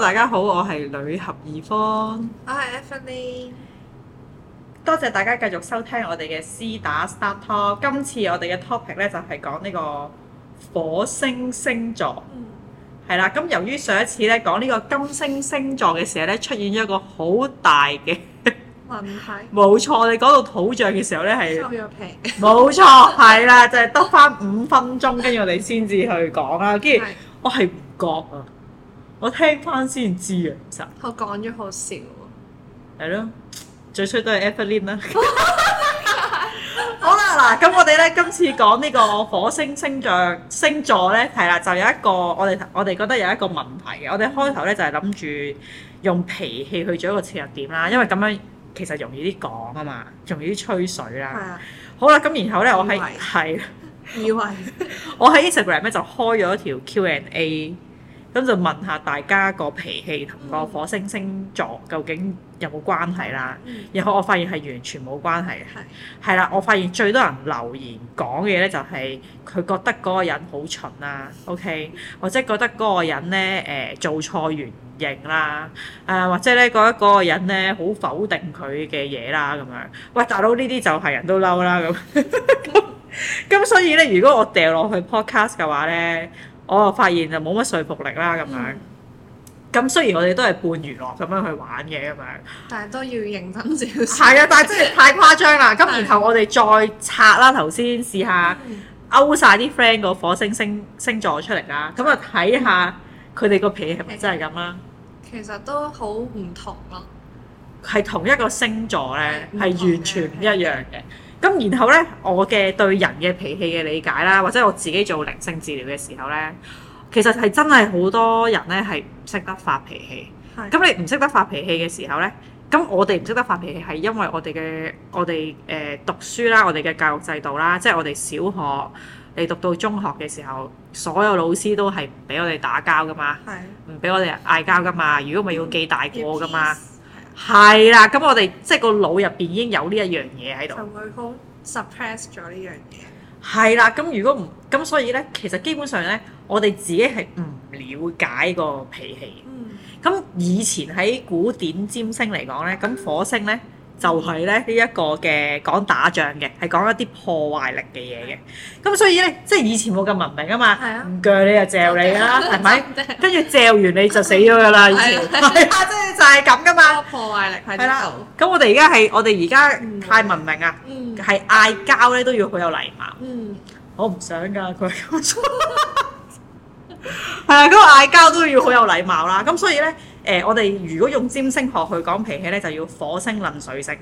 大家好，我係女合怡方，我係 Evelyn，多謝大家繼續收聽我哋嘅私打 start talk。今次我哋嘅 topic 咧就係講呢個火星星座，係啦。咁由於上一次咧講呢個金星星座嘅時候咧，出現咗一個好大嘅問題，冇錯。你講到土象嘅時候咧係，冇錯，係啦，就係得翻五分鐘，跟住我哋先至去講啦。跟住我係唔覺啊。我聽翻先知啊，其實。我講咗好少。係咯，最衰都係 Avery 啦。Oh、my God, 好啦，嗱， 咁我哋咧今次講呢個火星星座星座咧，係啦，就有一個我哋我哋覺得有一個問題嘅。我哋開頭咧就係諗住用脾氣去做一個切入點啦，因為咁樣其實容易啲講啊嘛，容易啲吹水啦。Uh, 好啦，咁然後咧，我喺係以為我喺為 Instagram 咧就開咗一條 Q&A。A, 咁就問下大家個脾氣同個火星星座究竟有冇關係啦？然後我發現係完全冇關係。係係啦，我發現最多人留言講嘅咧就係、是、佢覺得嗰個人好蠢啦。OK，或者覺得嗰個人咧誒、呃、做錯完唔認啦，啊、呃、或者咧覺得嗰個人咧好否定佢嘅嘢啦咁樣。喂，大佬，呢啲就係人都嬲啦咁。咁 所以咧，如果我掉落去 podcast 嘅話咧。我又、oh，發現就冇乜說服力啦咁樣，咁、嗯、雖然我哋都係半娛樂咁樣去玩嘅咁樣，但係都要認真少少。係啊，但係真係太誇張啦！咁 然後我哋再拆啦，頭先試下勾晒啲 friend 個火星星星座出嚟啦，咁啊睇下佢哋個脾氣係咪真係咁啦。其實都好唔同咯、啊，係同一個星座咧，係完全唔一樣嘅。咁然後咧，我嘅對人嘅脾氣嘅理解啦，或者我自己做靈性治療嘅時候咧，其實係真係好多人咧係唔識得發脾氣。咁的你唔識得發脾氣嘅時候咧，咁我哋唔識得發脾氣係因為我哋嘅我哋誒、呃、讀書啦，我哋嘅教育制度啦，即係我哋小學你讀到中學嘅時候，所有老師都係唔俾我哋打交噶嘛，唔俾的我哋嗌交噶嘛，如果咪要記大過噶嘛。嗯係啦，咁我哋即係個腦入邊已經有呢一樣嘢喺度，就會幫 suppress 咗呢樣嘢。係啦，咁如果唔咁，所以咧，其實基本上咧，我哋自己係唔了解個脾氣嘅。咁、嗯、以前喺古典占星嚟講咧，咁火星咧。嗯就係咧呢一個嘅講打仗嘅，係講一啲破壞力嘅嘢嘅。咁所以咧，即係以前冇咁文明啊嘛，唔鋸你就嚼你啦，係咪？跟住嚼完你就死咗噶啦，以前係啊，即係就係咁噶嘛。破壞力係啦。咁我哋而家係我哋而家太文明啊，係嗌交咧都要好有禮貌。我唔想㗎，佢係啊，嗰個嗌交都要好有禮貌啦。咁所以咧。誒、呃，我哋如果用占星學去講脾氣咧，就要火星論水星，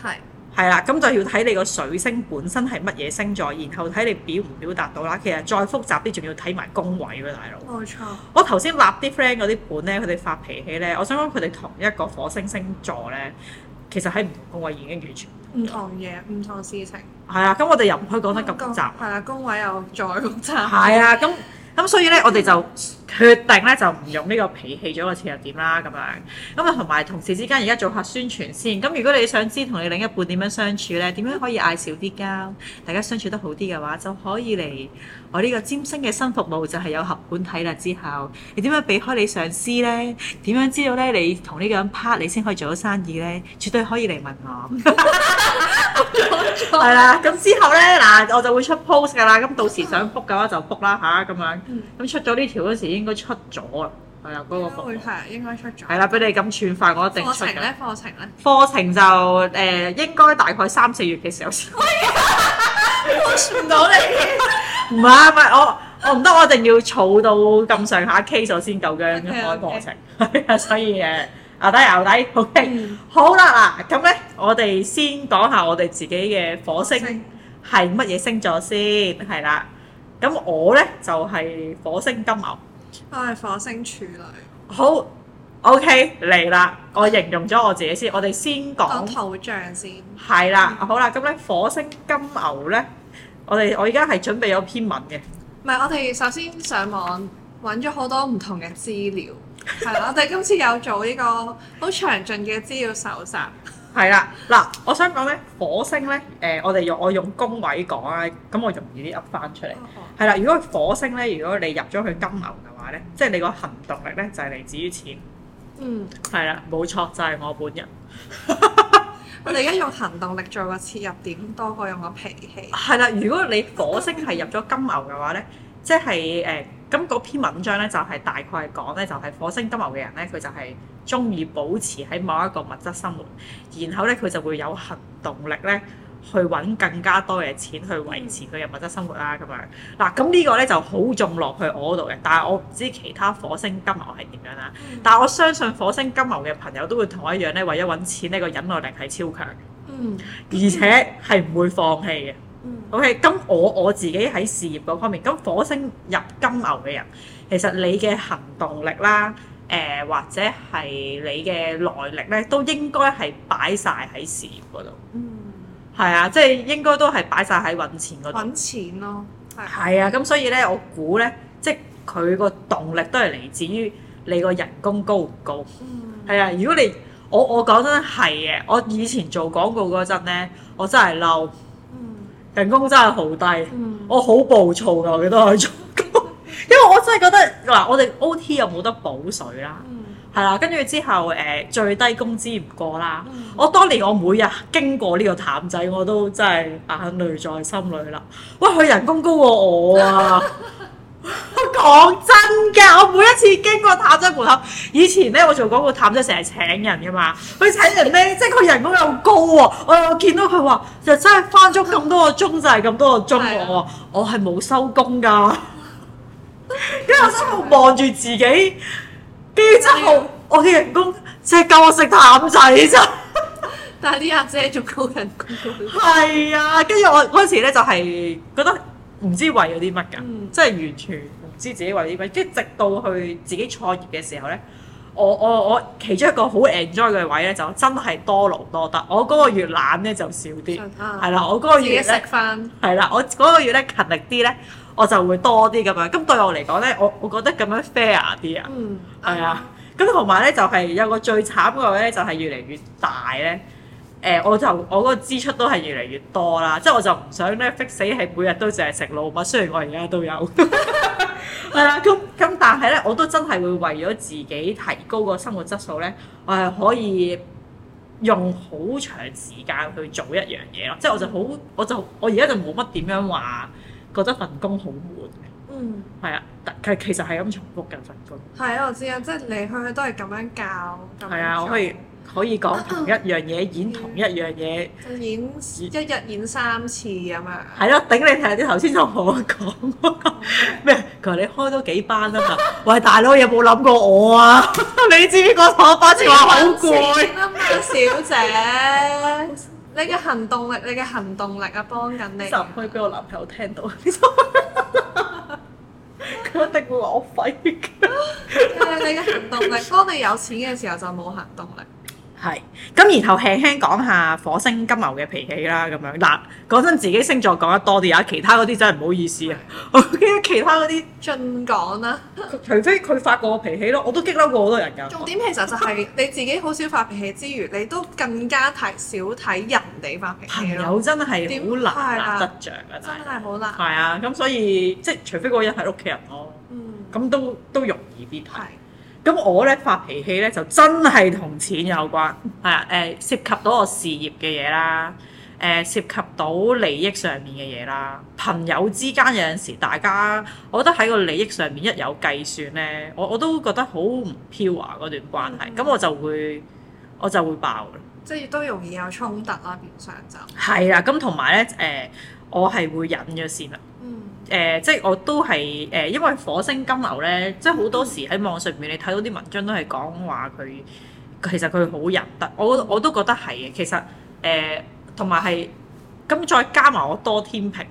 係係啦，咁、啊、就要睇你個水星本身係乜嘢星座，然後睇你表唔表達到啦。其實再複雜啲，仲要睇埋宮位咯，大佬。冇錯錯。我頭先立啲 friend 嗰啲本咧，佢哋發脾氣咧，我想講佢哋同一個火星星座咧，其實喺唔同宮位已經完全唔同嘢，唔同，同事情。係啊，咁我哋又唔可以講得咁雜。係、那個、啊，宮位又再複雜。係啊，咁。咁所以咧，我哋就決定咧，就唔用呢個脾氣做個切入點啦。咁樣咁啊，同埋同事之間而家做下宣傳先。咁如果你想知同你另一半點樣相處咧，點樣可以嗌少啲交，大家相處得好啲嘅話，就可以嚟。我呢個占星嘅新服務就係有合管體啦，之後你點樣避開你上司呢？點樣知道呢？你同呢個人 part 你先可以做咗生意呢？絕對可以嚟問我。唔 係啦，咁之後呢，嗱，我就會出 post 噶啦。咁到時想 book 嘅話就 book 啦吓，咁、啊、樣，咁、嗯、出咗呢條嗰時應該出咗啦。係、那、啊、個，嗰個會係應該出咗。係啦，俾你咁串發我一定出嘅。課程呢？課程呢？課程就誒、呃、應該大概三四月嘅時候先。 我算唔到你。 唔係，唔係 我，我唔得，我一定要儲到咁上下 K 數先夠嘅嗰個過程。係啊，所以誒，牛底牛底，OK、嗯。好啦，嗱，咁咧，我哋先講下我哋自己嘅火星係乜嘢星座先，係啦。咁我咧就係、是、火星金牛。唉，火星處女。好，OK，嚟啦！我形容咗我自己先。我哋先講頭像先。係啦，好啦，咁咧火星金牛咧。我哋我而家係準備有篇文嘅，唔係，我哋首先上網揾咗好多唔同嘅資料，係啦， 我哋今次有做呢個好詳盡嘅資料搜集 ，係啦，嗱，我想講咧，火星咧，誒、呃，我哋用我用宮位講啊，咁我容易啲噏返出嚟，係啦， 如果火星咧，如果你入咗去金牛嘅話咧，即係你個行動力咧就係嚟自於錢，嗯，係啦，冇錯，就係我本人。 我哋而家用行動力做個切入點，多過用個脾氣。係啦 如果你火星係入咗金牛嘅話咧，即係誒，咁嗰篇文章咧就係、是、大概講咧，就係、是、火星金牛嘅人咧，佢就係中意保持喺某一個物質生活，然後咧佢就會有行動力咧。去揾更加多嘅錢去維持佢嘅物質生活啦，咁、嗯、樣嗱，咁、啊、呢個呢就好重落去我度嘅。但係我唔知其他火星金牛係點樣啦，嗯、但係我相信火星金牛嘅朋友都會同我一樣呢，為咗揾錢呢、呢個忍耐力係超強，嗯、而且係唔會放棄嘅。嗯，OK，咁我我自己喺事業嗰方面，咁火星入金牛嘅人，其實你嘅行動力啦，誒、呃、或者係你嘅耐力呢，都應該係擺晒喺事業嗰度，嗯係啊，即係應該都係擺晒喺揾錢嗰度。揾錢咯，係。啊，咁、啊、所以咧，我估咧，即係佢個動力都係嚟自於你個人工高唔高。嗯。係啊，如果你我我講真係嘅，我以前做廣告嗰陣咧，我真係嬲。嗯。人工真係好低，嗯、我好暴躁㗎，我記得我做，工， 因為我真係覺得嗱，我哋 O.T. 又冇得補水啦。嗯係啦，跟住之後誒最低工資唔過啦。嗯、我當年我每日經過呢個譚仔，我都真係眼淚在心裡啦。喂，佢人工高過我啊！講 真㗎，我每一次經過譚仔門口，以前咧我做嗰個譚仔成日請人㗎嘛，佢請人咧 即係佢人工又高喎、啊。我又見到佢話，真 就、啊、 真係翻足咁多個鐘就係咁多個鐘喎，我係冇收工㗎。跟住我心係望住自己。幾七毫？我啲人、哎、呀工即只夠我食淡仔咋。但係呢阿姐仲高人工。係啊，跟住 我嗰陣時咧就係、是、覺得唔知為咗啲乜㗎，即係完全唔知自己為咗啲乜。即直到去自己創業嘅時候咧，我我我，我其中一個好 enjoy 嘅位咧，就真係多勞多得。我嗰個月懶咧就少啲，係啦、啊。我嗰個月咧，食返係啦。我嗰個月咧勤力啲咧。我就會多啲咁樣，咁對我嚟講呢，我我覺得咁樣 fair 啲、嗯、啊，係啊、嗯，咁同埋呢，就係、是、有個最慘嘅呢，就係越嚟越大呢。誒、呃，我就我嗰個支出都係越嚟越多啦，即、就、係、是、我就唔想呢 fix 死係每日都淨係食老麥，雖然我而家都有，係啦，咁咁但係呢，我都真係會為咗自己提高個生活質素呢，我係可以用好長時間去做一樣嘢咯，即、就、係、是、我就好、嗯，我就我而家就冇乜點樣話，覺得份工好悶。嗯，係啊，但其實係咁重複嘅份工，係啊，我知啊，即係嚟去去都係咁樣教，係啊，可以可以講同一樣嘢演同一樣嘢，演，演一日演三次咁樣，係咯，頂，你睇下啲頭先就同我講咩，佢話你開多幾班啊嘛， 喂大佬有冇諗過我啊？ 你知唔知個坐班先話好攰啊，小姐。 你嘅行動力，你嘅行動力啊，幫緊你就唔可以俾我男朋友聽到，佢一定會話我廢嘅。 你嘅行動力，當你有錢嘅時候就冇行動力。係，咁然後輕輕講下火星金牛嘅脾氣啦，咁樣嗱，講真自己星座講得多啲，啊，其他嗰啲真係唔好意思啊，我驚的 其他嗰啲盡講啦。 除非佢發過我脾氣咯，我都激嬲過好多人噶、嗯。重點其實就係你自己好少發脾氣之餘， 你都更加睇少睇人哋發脾氣咯。朋友真係好難得著啊，真係好難。係啊，咁所以即係除非嗰個人係屋企人咯，咁、嗯、都都容易啲睇的。咁我咧發脾氣咧就真係同錢有關，係啊，誒涉及到我事業嘅嘢啦，誒、呃、涉及到利益上面嘅嘢啦，朋友之間有陣時大家，我覺得喺個利益上面一有計算咧，我我都覺得好唔 pure 嗰段關係，咁、嗯嗯、我就會我就會爆嘅，即係都容易有衝突啦，變相就係啊，咁同埋咧誒，我係會忍咗先啊。誒、呃，即係我都係誒、呃，因為火星金牛咧，即係好多時喺網上面你睇到啲文章都係講話佢其實佢好入得，我我都覺得係嘅。其實誒，同埋係咁再加埋我多天秤、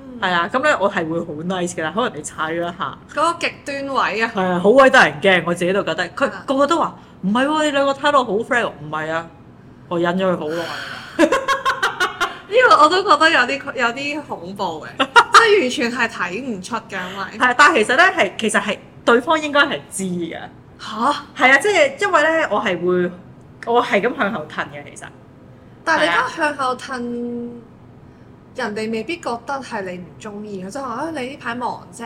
嗯、啊，係啊，咁咧我係會好 nice 噶啦。可能你踩咗一下嗰個極端位啊，係啊，好鬼得人驚，我自己都覺得佢，個個都話唔係喎，你兩個睇到好 friend，唔係啊，我忍咗佢好耐。 呢個我都覺得有啲有啲恐怖嘅，完全係睇唔出嘅，因為係，但係其實咧係其實係對方應該係知嘅。吓？係啊，即係因為咧，我係會我係咁向後褪嘅，其實。但係你而家向後褪，啊、人哋未必覺得係你唔中意，就話啊你呢排忙啫。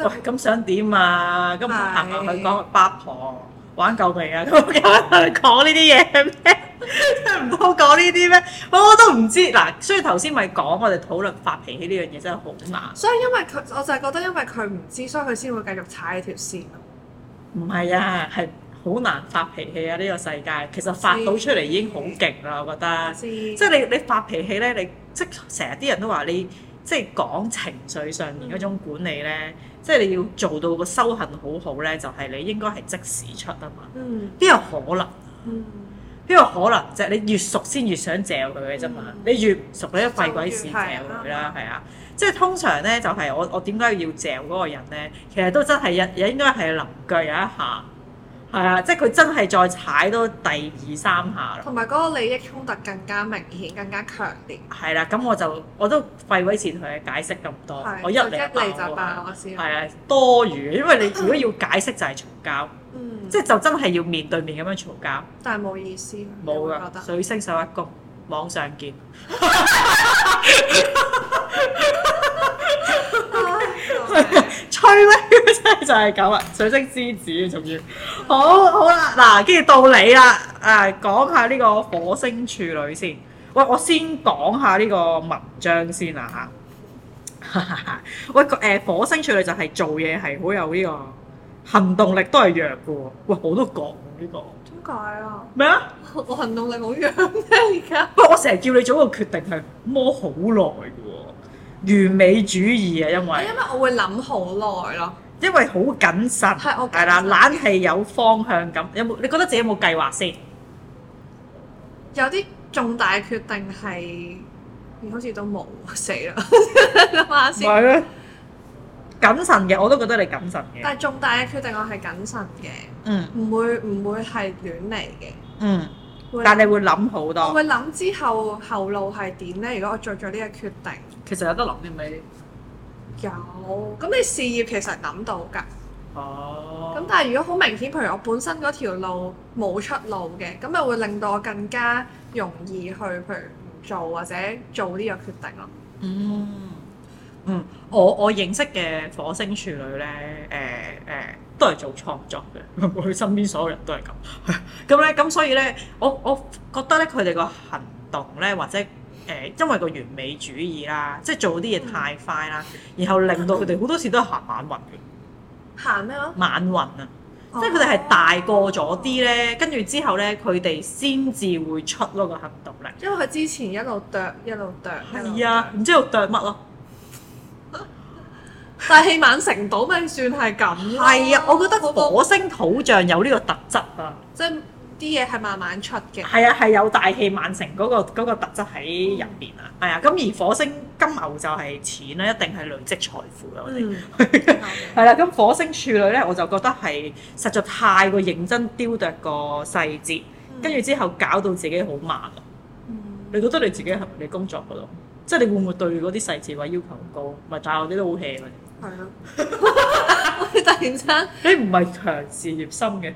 喂，咁想點啊？咁唔行佢去講八婆。玩夠未啊？咁 講呢啲嘢咩？唔 通講呢啲咩？我都唔知。嗱，所以頭先咪講，我哋討論發脾氣呢樣嘢真係好難。所以因為佢，我就係覺得因為佢唔知，所以佢先會繼續踩呢條線。唔係啊，係好難發脾氣啊！呢個世界其實發到出嚟已經好勁啦，我覺得。即係你你發脾氣咧，你即成日啲人都話你，即係講情緒上面嗰種管理咧。嗯。即係你要做到個修行好好咧，就係、是、你應該係即時出啊嘛。邊、嗯、有可能？邊、嗯、有可能即啫？就是、你越熟先越想嚼佢嘅啫嘛。你越唔熟你都廢鬼事嚼佢啦，係啊。啊即係通常咧，就係、是、我我點解要嚼嗰個人咧？其實都真係也也應該係臨腳有一下。係啊，即係佢真係再踩多第二三下啦。同埋嗰個利益衝突更加明顯，更加強烈。係啦，咁我就我都廢鬼前同佢解釋咁多，的我一嚟就爆我先。係啊，多餘，因為你如果要解釋就係嘈交， 嗯、即係就真係要面對面咁樣嘈交。但係冇意思。冇㗎，水星手一拱，網上見。 係咩？真係就係咁啊！水星之子仲要，好，好啦，嗱，跟住到你啦，啊，講下呢個火星處女先。喂，我先講下呢個文章先啦吓。喂，誒，火星處女就係做嘢係好有呢個行動力，都係弱嘅。喂，我都講呢個。點解啊？咩啊？我行動力好弱咩？而家，不，我成日叫你做一個決定係摸好耐。完美主義啊，因為因為我會諗好耐咯，因為好謹慎係啦，懶係有方向感。有冇你覺得自己有冇計劃先？有啲重大決定係，好似都冇死啦，諗下先係謹慎嘅，我都覺得你謹慎嘅。但係重大嘅決定，我係謹慎嘅，嗯，唔會唔會係亂嚟嘅，嗯。但係你會諗好多，會諗之後後路係點咧？如果我做咗呢個決定。其實有得諗啲咩？有。咁你事業其實諗到㗎。哦。咁但係如果好明顯，譬如我本身嗰條路冇出路嘅，咁咪會令到我更加容易去，譬如唔做或者做呢個決定咯。嗯。嗯，我我認識嘅火星處女咧，誒、呃、誒、呃，都係做創作嘅，佢 身邊所有人都係咁。咁 咧，咁所以咧，我我覺得咧，佢哋個行動咧，或者。誒，因為個完美主義啦，即係做啲嘢太快啦，嗯、然後令到佢哋好多時都行晚運。行咩咯？晚運啊，哦、即係佢哋係大個咗啲咧，跟住之後咧，佢哋先至會出嗰個行動力。因為佢之前一路啄，一路啄。係啊，唔知道啄乜咯。 但係器晚成唔到咪算係咁咯？係 啊，我覺得火星土象有呢個特質啊，即係。啲嘢係慢慢出嘅，係啊，係有大器晚成嗰個特質喺入邊啊，係啊，咁而火星金牛就係錢啦，一定係累積財富啦，我哋係啦，咁火星處女咧，我就覺得係實在太過認真雕琢個細節，跟住之後搞到自己好慢。噶，你覺得你自己喺你工作嗰度，即係你會唔會對嗰啲細節話要求高？唔係，但係我啲都好 hea 嘅，係啊，突然間你唔係強事業心嘅。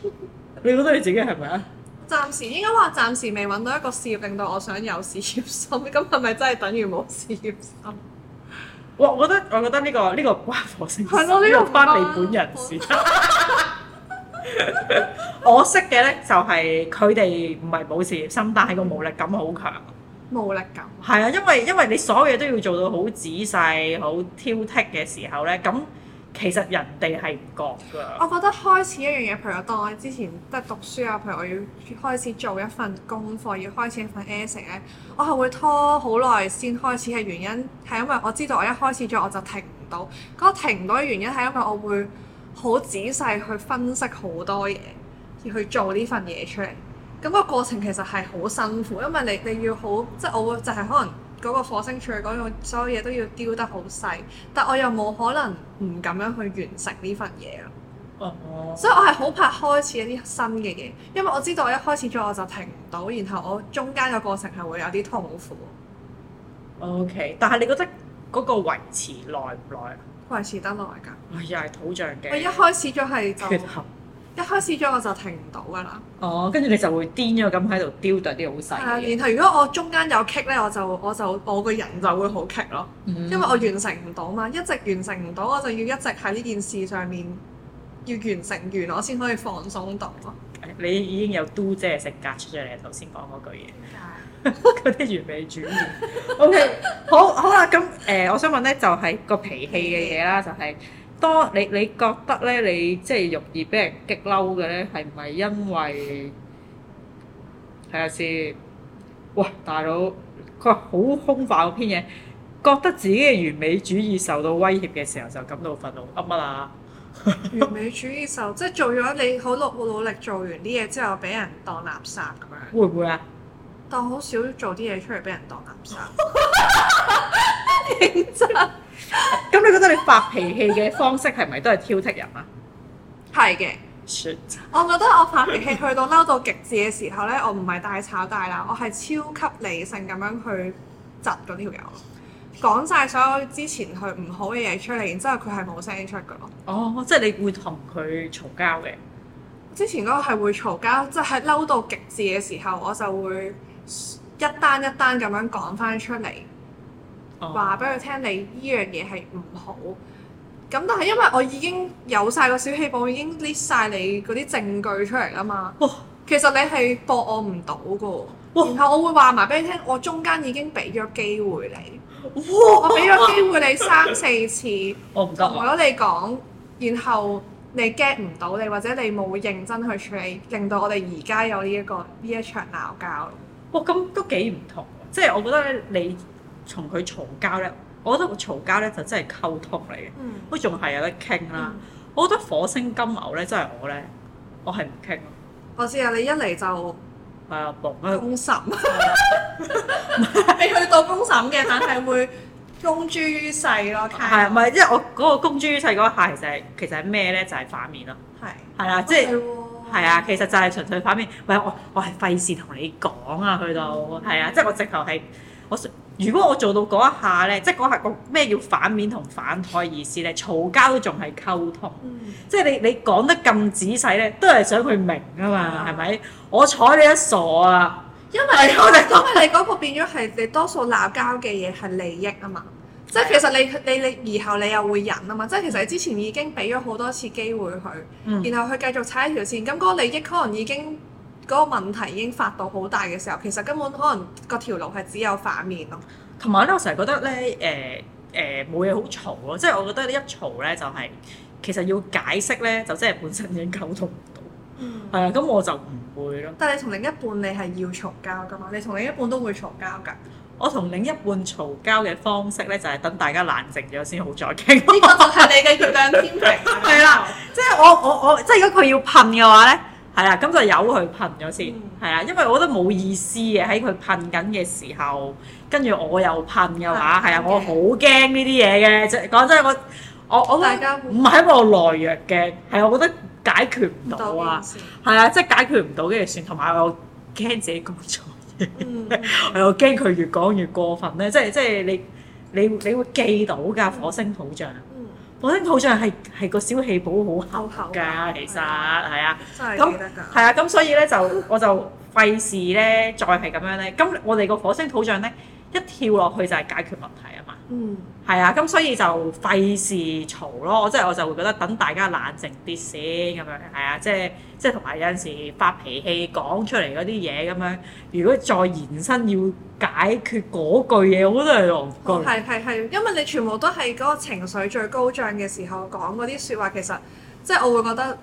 你覺得你自己係咪啊？暫時應該話，暫時未揾到一個事業令到我想有事業心，咁係咪真係等於冇事業心？我我覺得，我覺得呢個呢個關火星呢個關你本人事。 我識嘅呢就係佢哋唔係冇事業心，但係個無力感好強。無力感係啊，因為因為你所有嘢都要做到好仔細、好挑剔嘅時候呢。咁。其實人哋係唔覺㗎。我覺得開始一樣嘢，譬如我當我之前得讀書啊，譬如我要開始做一份功課，要開始一份 essay 咧，我係會拖好耐先開始。嘅原因係因為我知道我一開始咗我就停唔到。嗰個停唔到嘅原因係因為我會好仔細去分析好多嘢，要去做呢份嘢出嚟。咁個過程其實係好辛苦，因為你你要好，即係我會就係可能。嗰個火星處女嗰種所有嘢都要雕得好細，但我又冇可能唔咁樣去完成呢份嘢啊！哦、uh，oh. 所以我係好怕開始一啲新嘅嘢，因為我知道我一開始咗我就停唔到，然後我中間嘅過程係會有啲痛苦。O、okay, K，但係你覺得嗰個維持耐唔耐？維持得耐㗎，又係土象嘅。我一開始咗係就。 一開始咗我就停唔到噶啦，哦，跟住你就會癲咗咁喺度丟掉啲好細嘅。然後如果我中間有棘 i 咧，我就我就我個人就會好棘 i 咯，嗯、因為我完成唔到嘛，一直完成唔到，我就要一直喺呢件事上面要完成完，我先可以放鬆到咯。你已經有 do 姐食隔出咗嚟，頭先講嗰句嘢，嗰啲 完美主義。OK， 好，好啦，咁誒、呃，我想問咧，就係、是、個脾氣嘅嘢啦，就係、是。多你你覺得咧，你即係容易俾人激嬲嘅咧，係咪因為？睇下先。嘩，大佬，佢好空泛嗰篇嘢，覺得自己嘅完美主義受到威脅嘅時候，就感到憤怒噏乜、嗯、啊？ 完美主義受，即係做咗你好努努力做完啲嘢之後，俾人當垃圾咁樣。會唔會啊？當好少做啲嘢出嚟，俾人當垃圾。認 真。咁 你覺得你發脾氣嘅方式係咪都係挑剔人啊？係嘅的，Shit. 我覺得我發脾氣去到嬲到極致嘅時候呢，我唔係大吵大鬧，我係超級理性咁樣去窒嗰條友，講晒所有之前佢唔好嘅嘢出嚟，然之後佢係冇聲出嘅咯。哦，oh, 即係你會同佢嘈交嘅？之前嗰個係會嘈交，即係嬲到極致嘅時候，我就會一單一單咁樣講翻出嚟。話俾佢聽，oh. 你呢樣嘢係唔好。咁但係因為我已經有晒個小氣簿，oh. 已經 list 曬你嗰啲證據出嚟啦嘛。Oh. 其實你係駁我唔到噶。Oh. 然後我會話埋俾你聽，我中間已經俾咗機會你。Oh. 我俾咗機會你三四次。我唔得。同咗你講，然後你 get 唔到你，或者你冇認真去處理，令到我哋而家有呢、這、一個呢一場鬧交。咁都幾唔同。即、就、係、是、我覺得你。從佢嘈交咧，我覺得嘈交咧就真係溝通嚟嘅，我仲係有得傾啦。我覺得火星金牛咧，真係我咧，我係唔傾咯。我知啊，你一嚟就係啊，公審，你去到公審嘅，但係會公諸於世咯。係啊，唔係，因為我嗰個公諸於世嗰下，其實係其實係咩咧？就係反面咯。係係啊，即係係啊，其實就係純粹反面。喂，我我係費事同你講啊，去到。係啊，即係我直頭係我。如果我做到嗰一下呢，即係嗰下個咩叫反面同反台意思呢？嘈交都仲係溝通，嗯、即係你你講得咁仔細呢，都係想佢明啊嘛，係咪、嗯？我睬你一傻啊！因為我哋講你嗰是個變咗係你多數鬧交嘅嘢係利益啊嘛，啊即係其實你你你，然後你又會忍啊嘛，即係其實你之前已經俾咗好多次機會佢，嗯、然後佢繼續踩一條線，咁嗰個利益可能已經。嗰個問題已經發到好大嘅時候，其實根本可能個條路係只有反面咯。同埋咧，我成日覺得咧，誒誒冇嘢好嘈咯，即係我覺得一呢一嘈咧，就係、是、其實要解釋咧，就即係本身已經溝通唔到。嗯，係啊，咁我就唔會咯。但係你同另一半你係要嘈交噶嘛？你同另一半都會嘈交噶。我同另一半嘈交嘅方式咧，就係、是、等大家冷靜咗先，好再傾。呢個就係你嘅月亮天平。係 啦，即係 我我我，我，即係如果佢要噴嘅話咧。係啊，咁就由佢噴咗先。係啊、嗯，因為我覺得冇意思嘅，喺佢噴緊嘅時候，跟住我又噴嘅話，係啊的的，我好驚呢啲嘢嘅。即係講真，我我我唔係因為我懦弱嘅，係我覺得解決唔到啊。係啊，即係解決唔到，跟住算。同埋我驚自己講錯嘢，嗯嗯、 我又驚佢越講越過分咧。即係即係你你你會記到㗎，火星土象，嗯。火星土象係係個小氣泡好厚㗎。頭頭頭其實係啊，咁係啊，咁所以咧就我就費事咧再係咁樣咧，咁我哋個火星土象咧一跳落去就係解決問題。嗯，係啊，咁所以就費事嘈咯，我即係我就會覺得等大家冷靜啲先咁樣，係啊，即係即係同埋有陣時發脾氣講出嚟嗰啲嘢咁樣，如果再延伸要解決嗰句嘢，我都係浪句。係係係，因為你全部都係嗰個情緒最高漲嘅時候講嗰啲説話，其實即係我會覺得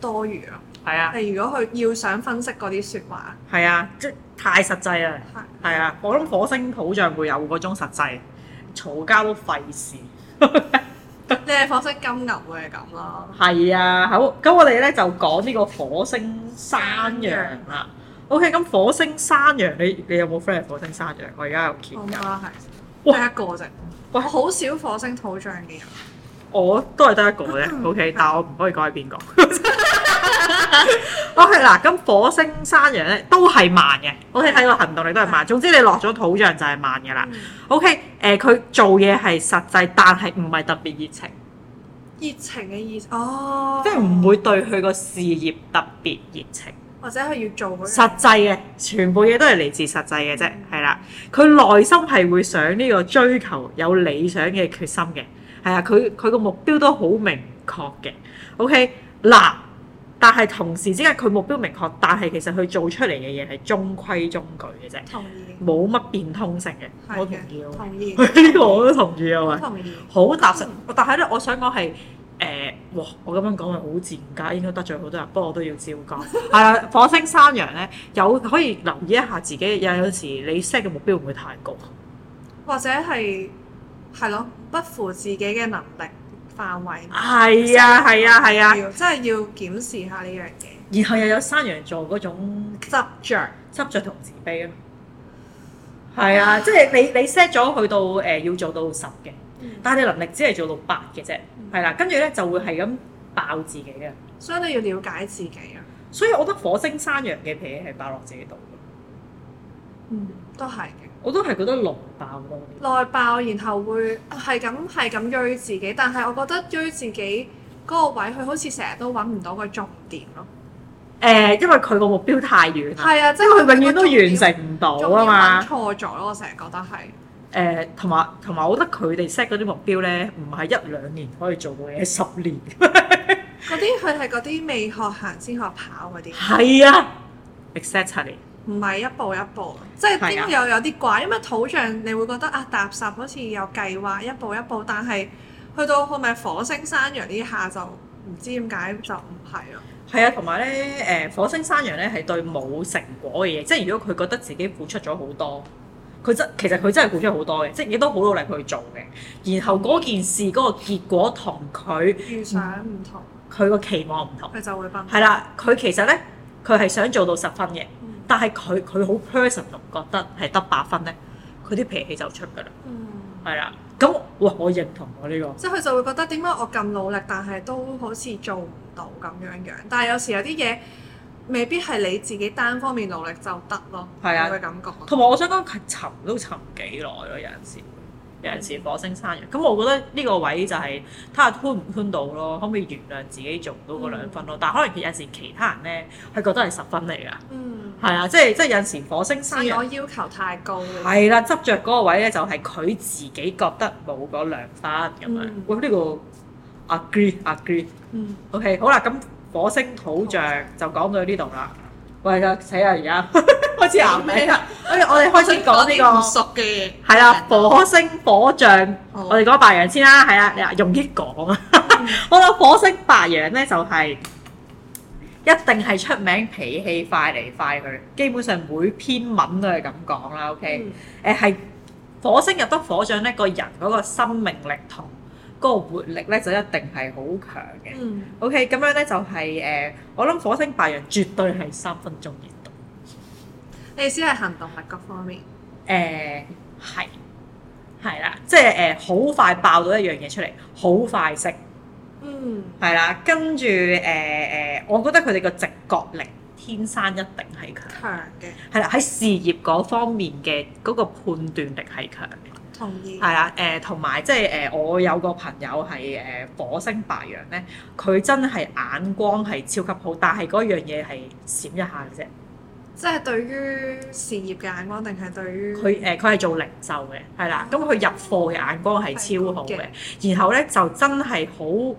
多餘咯。係啊，係如果佢要想分析嗰啲説話，係啊，即太實際啊。係是。是啊，我諗火星好像會有嗰種實際。嘈交都費事 ，你係火星金牛會係咁咯？係啊，好，咁我哋咧就講呢個火星山羊啦。OK，咁火星山羊你你有冇 friend 火星山羊？我而家有見到啦，係得一個啫，哇，好少火星土象嘅人，我都係得一個啫。嗯、OK，但係我唔可以講係邊個。O K，嗱，咁、 okay，火星山羊咧都係慢嘅，O K 睇個行動力都係慢。總之你落咗土象就係慢噶啦。O K，誒，佢做嘢係實際，但係唔係特別熱情。熱情嘅意思？哦，即係唔會對佢個事業特別熱情。或者佢要做嗰實際嘅，全部嘢都係嚟自實際嘅啫，係啦、嗯。佢內心係會想呢個追求有理想嘅決心嘅，係啊，佢佢個目標都好明確嘅。O K，嗱。但係同時之間，佢目標明確，但係其實佢做出嚟嘅嘢係中規中矩嘅啫，冇乜意變通性嘅。的我同意，同意，呢個 我都同意啊！好踏實。但係咧，我想講係誒，哇！我咁樣講係好賤格，應該得罪好多人。不過我都要照講。係啊， 火星山羊咧，有可以留意一下自己。有有陣時你 set 嘅目標會唔會太高，或者係係咯，不符自己嘅能力。範圍，係啊，係啊，係啊，啊啊啊真係要檢視下呢樣嘢。然後又有山羊座嗰種執著、執著同自卑啊。係啊， 即係你你 set 咗去到誒、呃、要做到十嘅，嗯、但你能力只係做到八嘅啫。係啦、嗯，跟住咧就會係咁爆自己啊。所以你要了解自己啊。所以我覺得火星山羊嘅脾氣係爆落自己度嘅。嗯，都係嘅。我都係覺得內爆多啲，內爆，然後會係咁係咁鋭自己，但係我覺得鋭自己嗰個位，佢好似成日都揾唔到個重點咯。誒、呃，因為佢個目標太遠啦，係啊，即係佢永遠都完成唔到啊嘛，錯咗咯，我成日覺得係。誒、呃，同埋同埋，我覺得佢哋 set 嗰啲目標呢，唔係一兩年可以做到嘅，十年。嗰啲佢係嗰啲未學行先學跑嗰啲，係啊 exactly 唔係一步一步，即係點又有啲怪，因為土象你會覺得啊，踏實好似有計劃一步一步，但係去到係咪火，、啊呃、火星山羊呢下就唔知點解就唔係咯。係啊，同埋咧誒，火星山羊咧係對冇成果嘅嘢，即係如果佢覺得自己付出咗好多，佢真其實佢真係付出好多嘅，即係亦都好努力去做嘅。然後嗰件事嗰、那個結果同佢預想唔同，佢個、嗯、期望唔同，佢就會崩。係啦、啊，佢其實咧佢係想做到十分嘅。但係佢佢好 person 就覺得係得八分呢，佢啲脾氣就出噶啦，係啦、嗯。咁哇，我認同我、啊、呢、呢個。即係佢就會覺得點解我咁努力，但係都好似做唔到咁樣樣。但係有時有啲嘢未必係你自己單方面努力就得咯。係啊的，嘅感覺。同埋我想講，佢沉都沉幾耐咯，有陣時。有陣時火星山羊，咁、嗯、我覺得呢個位就係睇下寬唔寬到咯，可唔可以原諒自己做唔到嗰兩分咯？嗯、但係可能有陣時其他人咧，佢覺得係十分嚟噶，嗯，係啊，即係即係有陣時火星山羊，我要求太高，係啦，執着嗰個位咧就係佢自己覺得冇嗰兩分咁樣。喂、嗯，呢、這個 agree agree，嗯，OK，好啦，咁火星土象就講到呢度啦。樣喂，睇下而家啊。 開始啱咩啊！我哋我哋開始講呢個唔熟嘅嘢。係啦，火星火象，我哋講白羊先啦。係啦，你話容易講啊！我諗火星白羊呢就係一定係出名脾氣快嚟快去，基本上每篇文都係咁講啦。OK，誒係火星入得火象呢，個人嗰個生命力同嗰個活力呢就一定係好強嘅。OK，咁樣呢就係誒，我諗火星白羊絕對係三分鐘熱。你意思係行動物各方面，誒係，係啦，即係誒好快爆到一樣嘢出嚟，好快識，嗯，係啦，跟住誒誒，我覺得佢哋個直覺力天生一定係強，強嘅係啦，喺事業嗰方面嘅嗰個判斷力係強，同意係啦，誒同埋即係誒，我有個朋友係誒火星白羊咧，佢真係眼光係超級好，但係嗰樣嘢係閃一下嘅啫。即係對於事業嘅眼光，定係對於佢誒佢係做零售嘅，係啦。咁佢入貨嘅眼光係超好嘅，然後咧就真係好誒，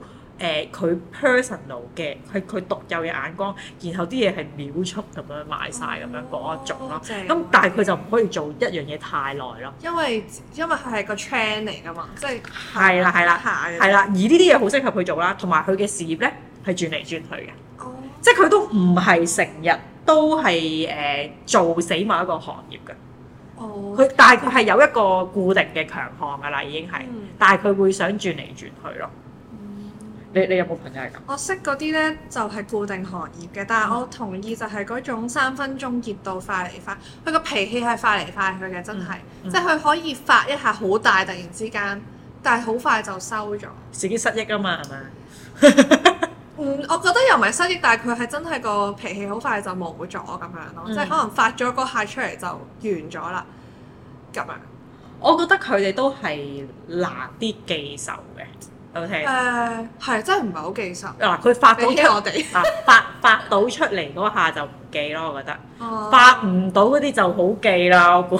佢 personal 嘅係佢獨有嘅眼光，然後啲嘢係秒速咁樣賣晒，咁樣嗰一種啦。咁但係佢就唔可以做一樣嘢太耐咯，因為因為佢係個 trend 嚟噶嘛，即係係啦係啦係啦，而呢啲嘢好適合佢做啦，同埋佢嘅事業咧係轉嚟轉去嘅，即係佢都唔係成日。都係誒、呃、做死某一個行業嘅，哦，佢但係佢係有一個固定嘅強項嘅啦，已經係，嗯、但係佢會想轉嚟轉去咯。嗯、你你有冇朋友係咁？我識嗰啲呢就係、是、固定行業嘅，但係我同意就係嗰種三分鐘熱度快嚟快，佢個脾氣係快嚟快去嘅，真係，嗯、即係佢可以發一下好大突然之間，但係好快就收咗，自己失憶嘅嘛，係咪？ 嗯、我覺得又唔係失憶，但係佢係真係個脾氣好快就冇咗咁樣咯，嗯、即係可能發咗嗰下出嚟就完咗啦，咁樣。我覺得佢哋都係難啲記仇嘅，OK？誒、呃，係真係唔係好記仇。嗱、呃，佢發到我哋，啊發，發到出嚟嗰下就唔記咯，我覺得。啊、發唔到嗰啲就好記啦，我估。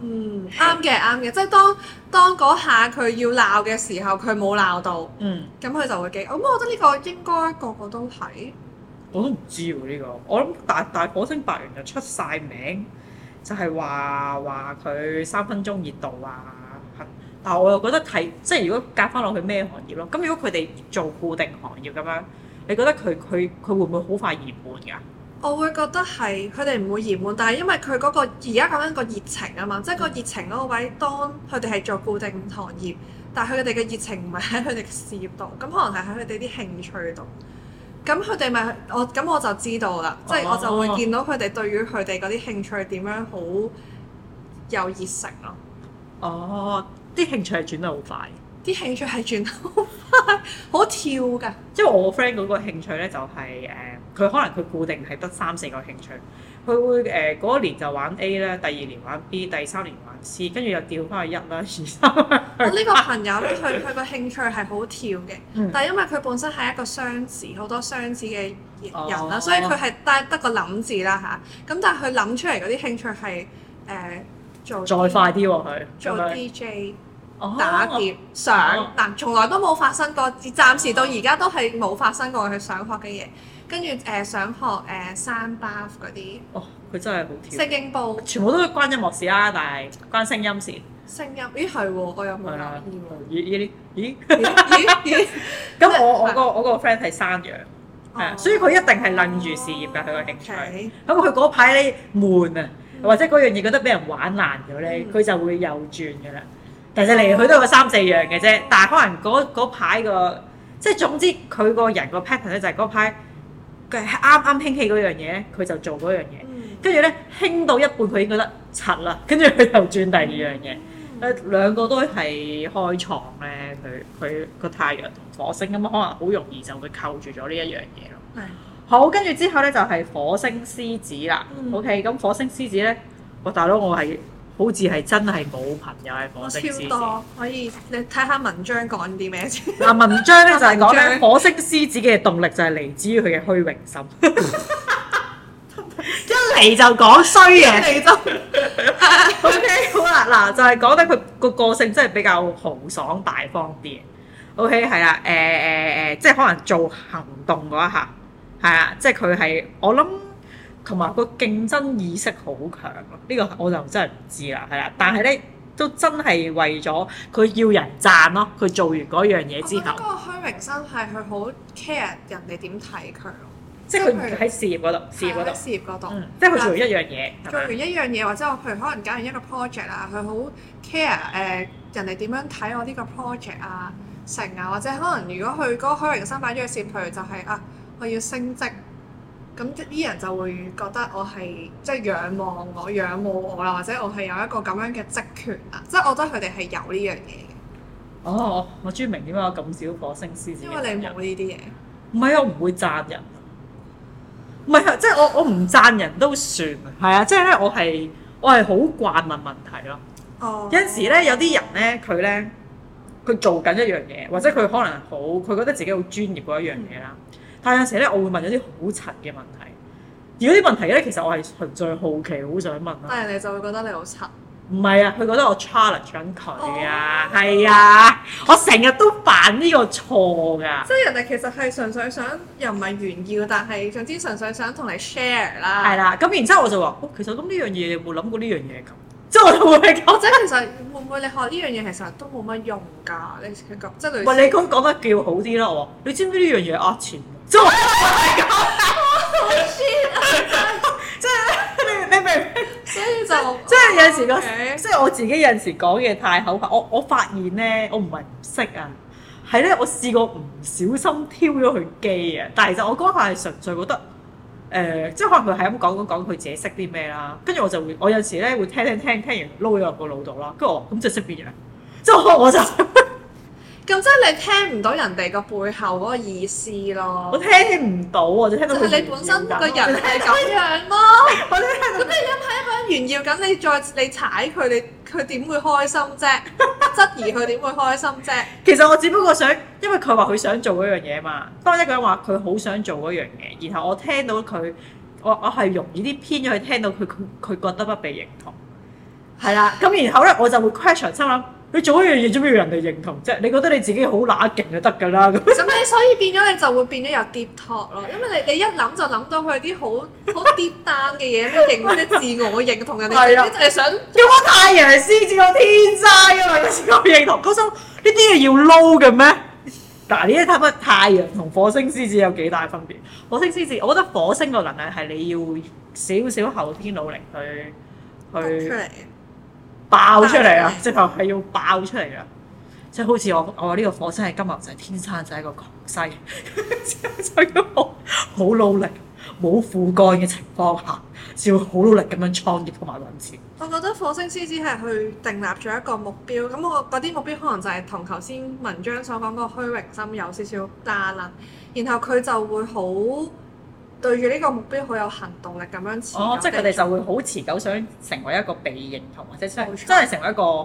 嗯，啱嘅，啱嘅，即係當當嗰下佢要鬧嘅時候，佢冇鬧到，嗯，咁佢就會記、哦。我覺得呢個應該個個都係，我都唔知喎呢、啊這個。我諗大大，大火星白羊就出晒名，就係話話佢三分鐘熱度啊，但係我又覺得睇，即係如果夾翻落去咩行業咯？咁如果佢哋做固定行業咁樣，你覺得佢佢佢會唔會好快熱門㗎？我會覺得係佢哋唔會嫌悶，但係因為佢嗰、那個而家講緊個熱情啊嘛，即係個熱情嗰個位。當佢哋係做固定行業，但係佢哋嘅熱情唔係喺佢哋嘅事業度，咁可能係喺佢哋啲興趣度。咁佢哋咪我咁我就知道啦，哦、即係我就會見到佢哋對於佢哋嗰啲興趣點樣好有熱誠咯。哦，啲興趣係轉得好快，啲興趣係轉得好快， 好跳㗎的。因為我 friend 嗰個興趣咧，就係、是、誒。Uh 佢可能佢固定係得三四個興趣，佢會誒嗰一年就玩 A 咧，第二年玩 B，第三年玩 C，跟住又調翻去一啦二。呢個朋友咧，佢佢個興趣係好跳嘅，但係因為佢本身係一個雙子，好多雙子嘅人啦，所以佢係得得個諗字啦嚇。咁但係佢諗出嚟嗰啲興趣係誒、呃、做、D、再快啲喎佢做 D J 打碟上，但從來都冇發生過，暫時到而家都係冇發生過佢想學嘅嘢。跟住誒想學誒山 buff 嗰啲哦，佢真係好聽。聲景部全部都關音樂事啦，但係關聲音事。聲音咦係喎，我又唔係啦。咦咦咦咦？咁我我個我個 friend 係山羊，係啊，所以佢一定係諗住事業嘅佢個興趣。咁佢嗰排咧悶啊，或者嗰樣嘢覺得俾人玩爛咗咧，佢就會又轉噶啦。但係嚟嚟去去都有三四樣嘅啫。但係可能嗰嗰排個即係總之佢個人個 pattern 咧就係嗰排。佢係啱啱興起嗰樣嘢，佢就做嗰樣嘢，跟住咧興到一半佢已經覺得柒啦，跟住佢又轉第二樣嘢。誒兩、嗯嗯、個都係開創咧，佢佢個太陽同火星咁啊，可能好容易就會扣住咗呢一樣嘢咯。係、嗯、好，跟住之後咧就係、是、火星獅子啦。嗯、OK，咁火星獅子咧，我大佬我係。好似係真係冇朋友嘅火星。我超多，可以你睇下文章講啲咩先。嗱， 文章咧就係講咧， 火星獅子嘅動力就係嚟自於佢嘅虛榮心。 一嚟就講衰嘢。O、okay, K，好啦，嗱就係講得佢個個性真係比較豪爽大方啲。O K，係啦，誒誒誒，即係可能做行動嗰一下，係啊，即係佢係我諗。同埋個競爭意識好強啊！呢、這個我就真係唔知啦，係啦、啊。但係咧都真係為咗佢要人讚咯、啊，佢做完嗰樣嘢之後。我覺得個虛榮心係佢好 care 人哋點睇佢。即係佢喺事業嗰度，事業嗰度。事業嗰度、嗯。即係佢做，、啊、吧做完一樣嘢。做完一樣嘢，或者我譬如可能搞完一個 project、呃、pro 啊，佢好 care 誒人哋點樣睇我呢個 project 啊成啊，或者可能如果佢嗰個虛榮心擺咗嘅譬如就係、是、啊，佢要升職。咁啲人就會覺得我係即係仰望我仰慕我啦，或者我係有一個咁樣嘅職權啊！即係我覺得佢哋係有呢樣嘢。哦，我終於明點解我咁少火星獅先。因為你冇呢啲嘢。唔係，我唔會讚人。唔係即係我我唔讚人都算啊。係啊，即係咧，我係我係好慣問問題咯。哦 Okay.。有陣時咧，有啲人咧，佢咧佢做緊一樣嘢，或者佢可能好，佢覺得自己好專業嗰一樣嘢啦。嗯係啊，有時咧我會問一啲好柒嘅問題，而嗰啲問題咧，其實我係純粹好奇，好想問。但係人哋就會覺得你好柒，唔係啊？佢覺得我 challenge 緊佢啊，係、哦、啊！嗯、我成日都犯呢個錯㗎，即係人哋其實係純粹想又唔係炫耀，但係總之純粹想同你 share 啦。係啦，咁然之後我就話、哦，其實咁呢樣嘢，有冇諗過呢樣嘢咁？即係會唔佢：「或者其實會唔會你學呢樣嘢其實都冇乜用㗎？你佢講即係你咁講得叫好啲啦，你知唔知呢樣嘢壓即係你明唔明？所以 就即係有陣時，即係 我自己有陣時講嘢太口白。我我發現咧，我唔係唔識啊，係咧，我試過唔小心挑咗佢機啊。但係其實我嗰下係純粹覺得，誒、呃，即係可能佢係咁講講講，佢自己識啲咩啦。跟住我就會，我有陣時咧會聽聽聽，聽，聽，聽，聽完撈咗入個腦度啦。跟住我咁就識變人，就我就。 咁即係你聽唔到人哋個背後嗰個意思咯。我聽聽，啊？我聽唔到，我只聽到，啊，就你本身個人係咁樣咯，啊。 我只聽到咁 你諗下一個人炫耀緊，你再你踩佢，你佢點會開心啫？ 質疑佢點會開心啫？ 其實我只不過想，因為佢話佢想做嗰樣嘢嘛。當一個人話佢好想做嗰樣嘢，然後我聽到佢，我我係容易啲偏咗去聽到佢佢覺得不被認同。係啦，咁然後咧我就會 question 心諗。你做一樣嘢，做咩要人哋認同啫？即係、你覺得你自己好乸勁就得噶啦咁。咁你所以變咗你就會變咗有跌託咯，因為你你一諗就諗到佢啲好好跌單嘅嘢，咩 認咩自，自我認同 人哋，你就係想做乜？叫我太陽獅子個天災啊，你唔認同？嗰種呢啲嘢要撈嘅咩？嗱，呢一睇返太陽同火星獅子有幾大分別？火星獅子，我覺得火星個能量係你要少少後天努力去去。爆出嚟啊！之後係要爆出嚟啦，即係好似我我呢個火星係金牛仔，就係、天生就係、係、一個狂西，之 後就要好努力，冇父幹嘅情況下，先會好努力咁樣創業同埋揾錢。我覺得火星獅子係去訂立咗一個目標，咁我嗰啲目標可能就係同頭先文章所講個虛榮心有少少大啦，然後佢就會好。對住呢個目標好有行動力咁樣持久，哦！即係佢哋就會好持久，想成為一個被認同，或者真真係成為一個好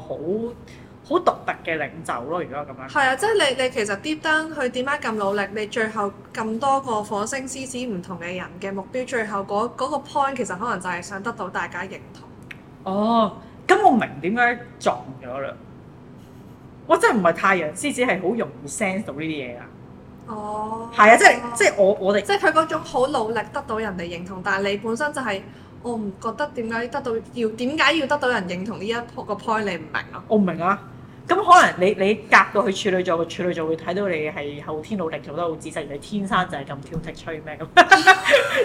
好獨特嘅領袖咯。如果咁樣，係啊！即係你你其實 deep down 佢點解咁努力？你最後咁多個火星獅子唔同嘅人嘅目標，最後嗰、嗰個 point、嗰個、其實可能就係想得到大家認同。哦，咁我明點解撞咗啦？我真係唔係太陽獅子係好容易 sense 到呢啲嘢㗎。哦，係啊，即係、嗯、即係我我哋，即係佢嗰種好努力得到人哋認同，但係你本身就係、是、我唔覺得點解得到要點解要得到人認同呢一個 point 你唔明啊？我唔明啊！咁可能你你隔到去處女座，處女座會睇到你係後天努力做得好仔細，你天生就係咁挑剔催命咁。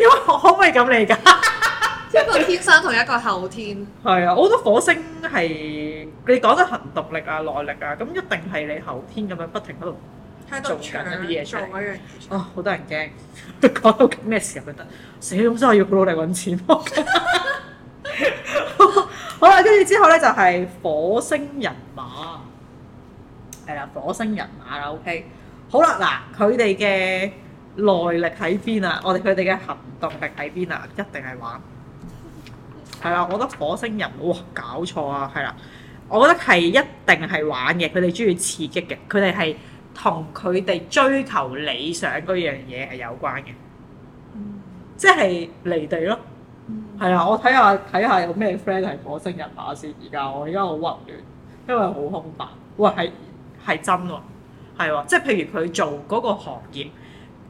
因 為 可可唔可以咁理解？ 一個天生同一個後天係啊！ 我覺得火星係你講得行動力啊、耐力啊，咁一定係你後天咁樣不停喺度。做緊一啲嘢做，嚟，啊，好多人驚，講 到咁咩時候覺得，死咁，所以我要好努力揾錢。 好啦，跟住之後咧就係、是、火星人馬，係啦，火星人馬啦。OK，好啦，嗱，佢哋嘅耐力喺邊啊？我哋佢哋嘅行動力喺邊啊？一定係玩，係啦。我覺得火星人哇，搞錯啊！係啦，我覺得係一定係玩嘅。佢哋中意刺激嘅，佢哋係。同佢哋追求理想嗰樣嘢係有關嘅，嗯、即係離地咯。係啊、嗯，我睇下睇下有咩 friend 係火星人馬先。而家我而家好混亂，因為好空白。哇，係係真喎，係喎。即係譬如佢做嗰個行業，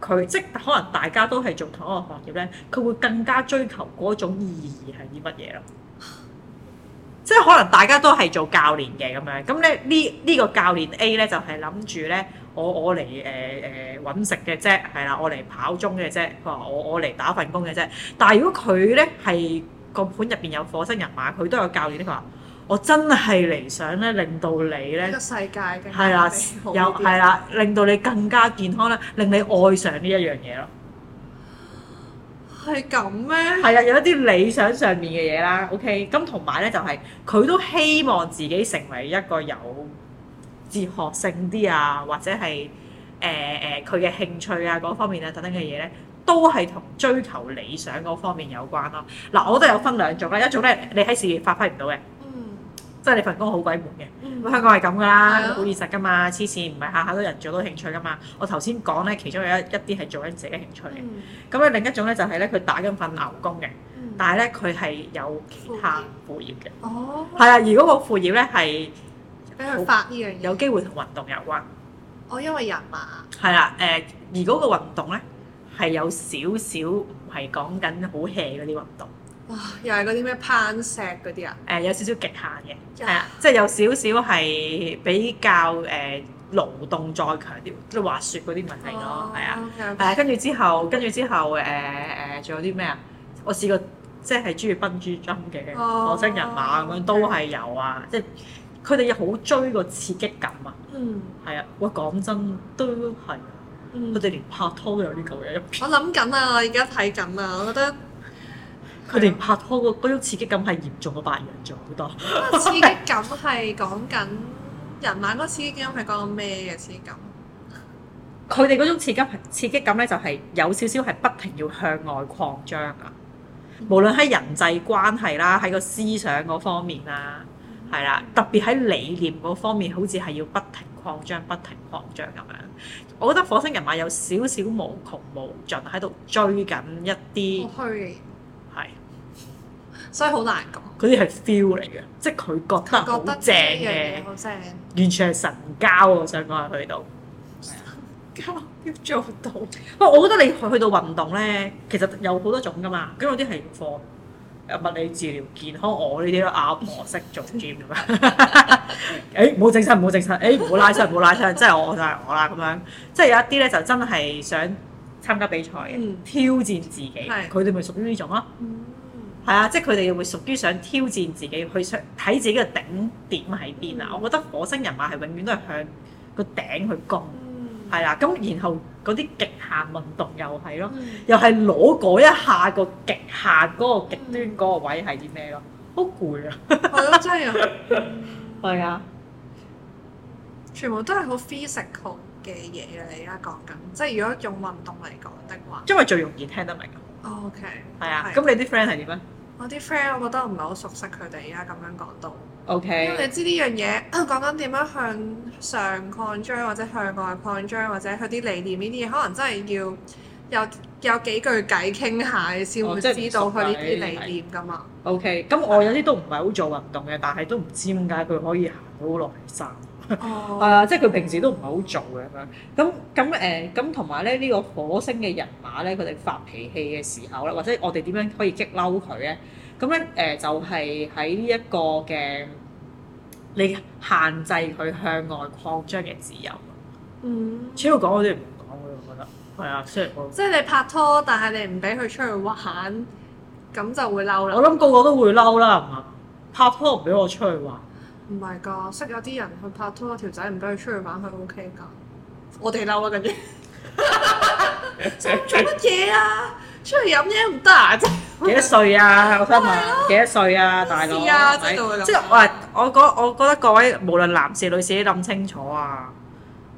佢即係可能大家都係做同一個行業咧，佢會更加追求嗰種意義係啲乜嘢咯。即係可能大家都係做教練嘅咁樣，咁咧呢呢、呢個教練 A 呢，就係諗住呢：「我我嚟誒誒揾食嘅啫，係啦，我嚟跑鐘嘅啫。佢話我我嚟打份工嘅啫。但係如果佢呢係個盤入邊有火星人馬，佢都有教練咧。佢話我真係嚟想咧，令到你呢一個世界嘅係啦，有係啦，令到你更加健康啦，令你愛上呢一樣嘢咯。係咁咩？係啊，有一啲理想上面嘅嘢啦。OK，咁同埋咧就係、是、佢都希望自己成為一個有哲學性啲啊，或者係誒誒佢嘅興趣啊嗰方面啊等等嘅嘢咧，都係同追求理想嗰方面有關咯。嗱、啊，我都有分兩種啦，一種咧你喺事業發揮唔到嘅。即係你份工好鬼悶嘅，嗯、香港係咁噶啦，好現實噶嘛，黐線唔係下下都人做到興趣噶嘛。我頭先講咧，其中有一一啲係做緊自己興趣嘅。咁咧、嗯、另一種咧就係咧佢打緊份牛工嘅，嗯、但係咧佢係有其他副業嘅，係啊、哦。如果個副業咧係俾佢發呢樣有機會同運動有關。哦，因為人嘛。係啊，誒、呃，如果個運動咧係有少少唔係講緊好 hea 嗰啲運動。哇！又係嗰啲咩攀石嗰啲啊？誒有少少極限嘅，係啊，即係有少少係比較誒勞動再強啲，即係滑雪嗰啲運動咯，係啊，係啊。跟住之後，跟住之後誒誒，仲有啲咩啊？我試過即係中意笨豬跳嘅火星人馬咁樣都係有啊！即係佢哋又好追個刺激感啊！嗯，係啊。哇，講真都係，佢哋連拍拖都有啲咁嘅入我諗緊啊，我而家睇緊啊，我覺得。佢哋拍拖個嗰 種刺激感係嚴重過白羊咗好多。刺激感係講緊人馬嗰，刺激感係講緊咩嘅刺激感？佢哋嗰種刺激刺激感咧就係有少少係不停要向外擴張啊！無論喺人際關係啦，喺個思想嗰方面啦，啊，係啦，特別喺理念嗰方面，好似係要不停擴張、不停擴張咁樣。我覺得火星人馬有少少無窮無盡喺度追緊一啲好所以好難講，嗰啲係 feel 嚟嘅，即係佢覺得好正嘅，完全係神交我想講去到，要做到。唔，我覺得你去去到運動咧，其實有好多種噶嘛。咁有啲係課，有物理治療、健康我呢啲咯。阿婆識做 gym 咁樣。誒，冇整身，冇整身，唔好拉唔好拉傷，即係我就係我啦咁樣。即係有一啲咧，就真係想參加比賽嘅，挑戰自己。佢哋咪屬於呢種咯。係啊，即係佢哋會屬於想挑戰自己去出睇自己嘅頂點喺邊啊！我覺得火星人馬係永遠都係向個頂去攻，係啊。咁然後嗰啲極限運動又係咯，又係攞嗰一下個極限嗰個極端嗰個位係啲咩咯？好攰啊！係咯，真係係啊！全部都係好 physical 嘅嘢啊。你而家講緊，即係如果用運動嚟講的話，因為最容易聽得明。OK。係啊，咁你啲 friend 係點樣？我啲 friend 我覺得唔係好熟悉佢哋、啊，而家咁樣講到，Okay. 因為你知呢樣嘢講緊點樣向上擴張，或者向外擴張，或者佢啲理念呢啲嘢，可能真係要有有幾句偈傾下先會知道佢呢啲理念噶嘛。O K，咁我有啲都唔係好做運動嘅，但係都唔知點解佢可以行到好耐山。係啊、oh. 呃，即係佢平時都唔係好做嘅咁樣。咁咁誒，咁同埋咧呢、呢個火星嘅人馬咧，佢哋發脾氣嘅時候咧，或者我哋點樣可以激嬲佢咧？咁咧誒，就係喺呢一個嘅你限制佢向外擴張嘅自由。嗯、mm，hmm. 超講嗰啲唔講嘅，我覺得係啊，即係即係你拍拖，但係你唔俾佢出去玩，咁就會嬲啦。我諗個個都會嬲啦，係嘛？拍拖唔俾我出去玩。Mm hmm. 唔係噶，識有啲人去拍拖，條仔唔俾佢出去玩，佢都 OK 噶。我哋嬲啊，跟住做乜嘢啊？出去飲嘢唔得啊！即係幾多歲啊？啊我想問幾多歲啊？大佬，即係喂，我我覺，我覺得各位無論男士女士都諗清楚啊！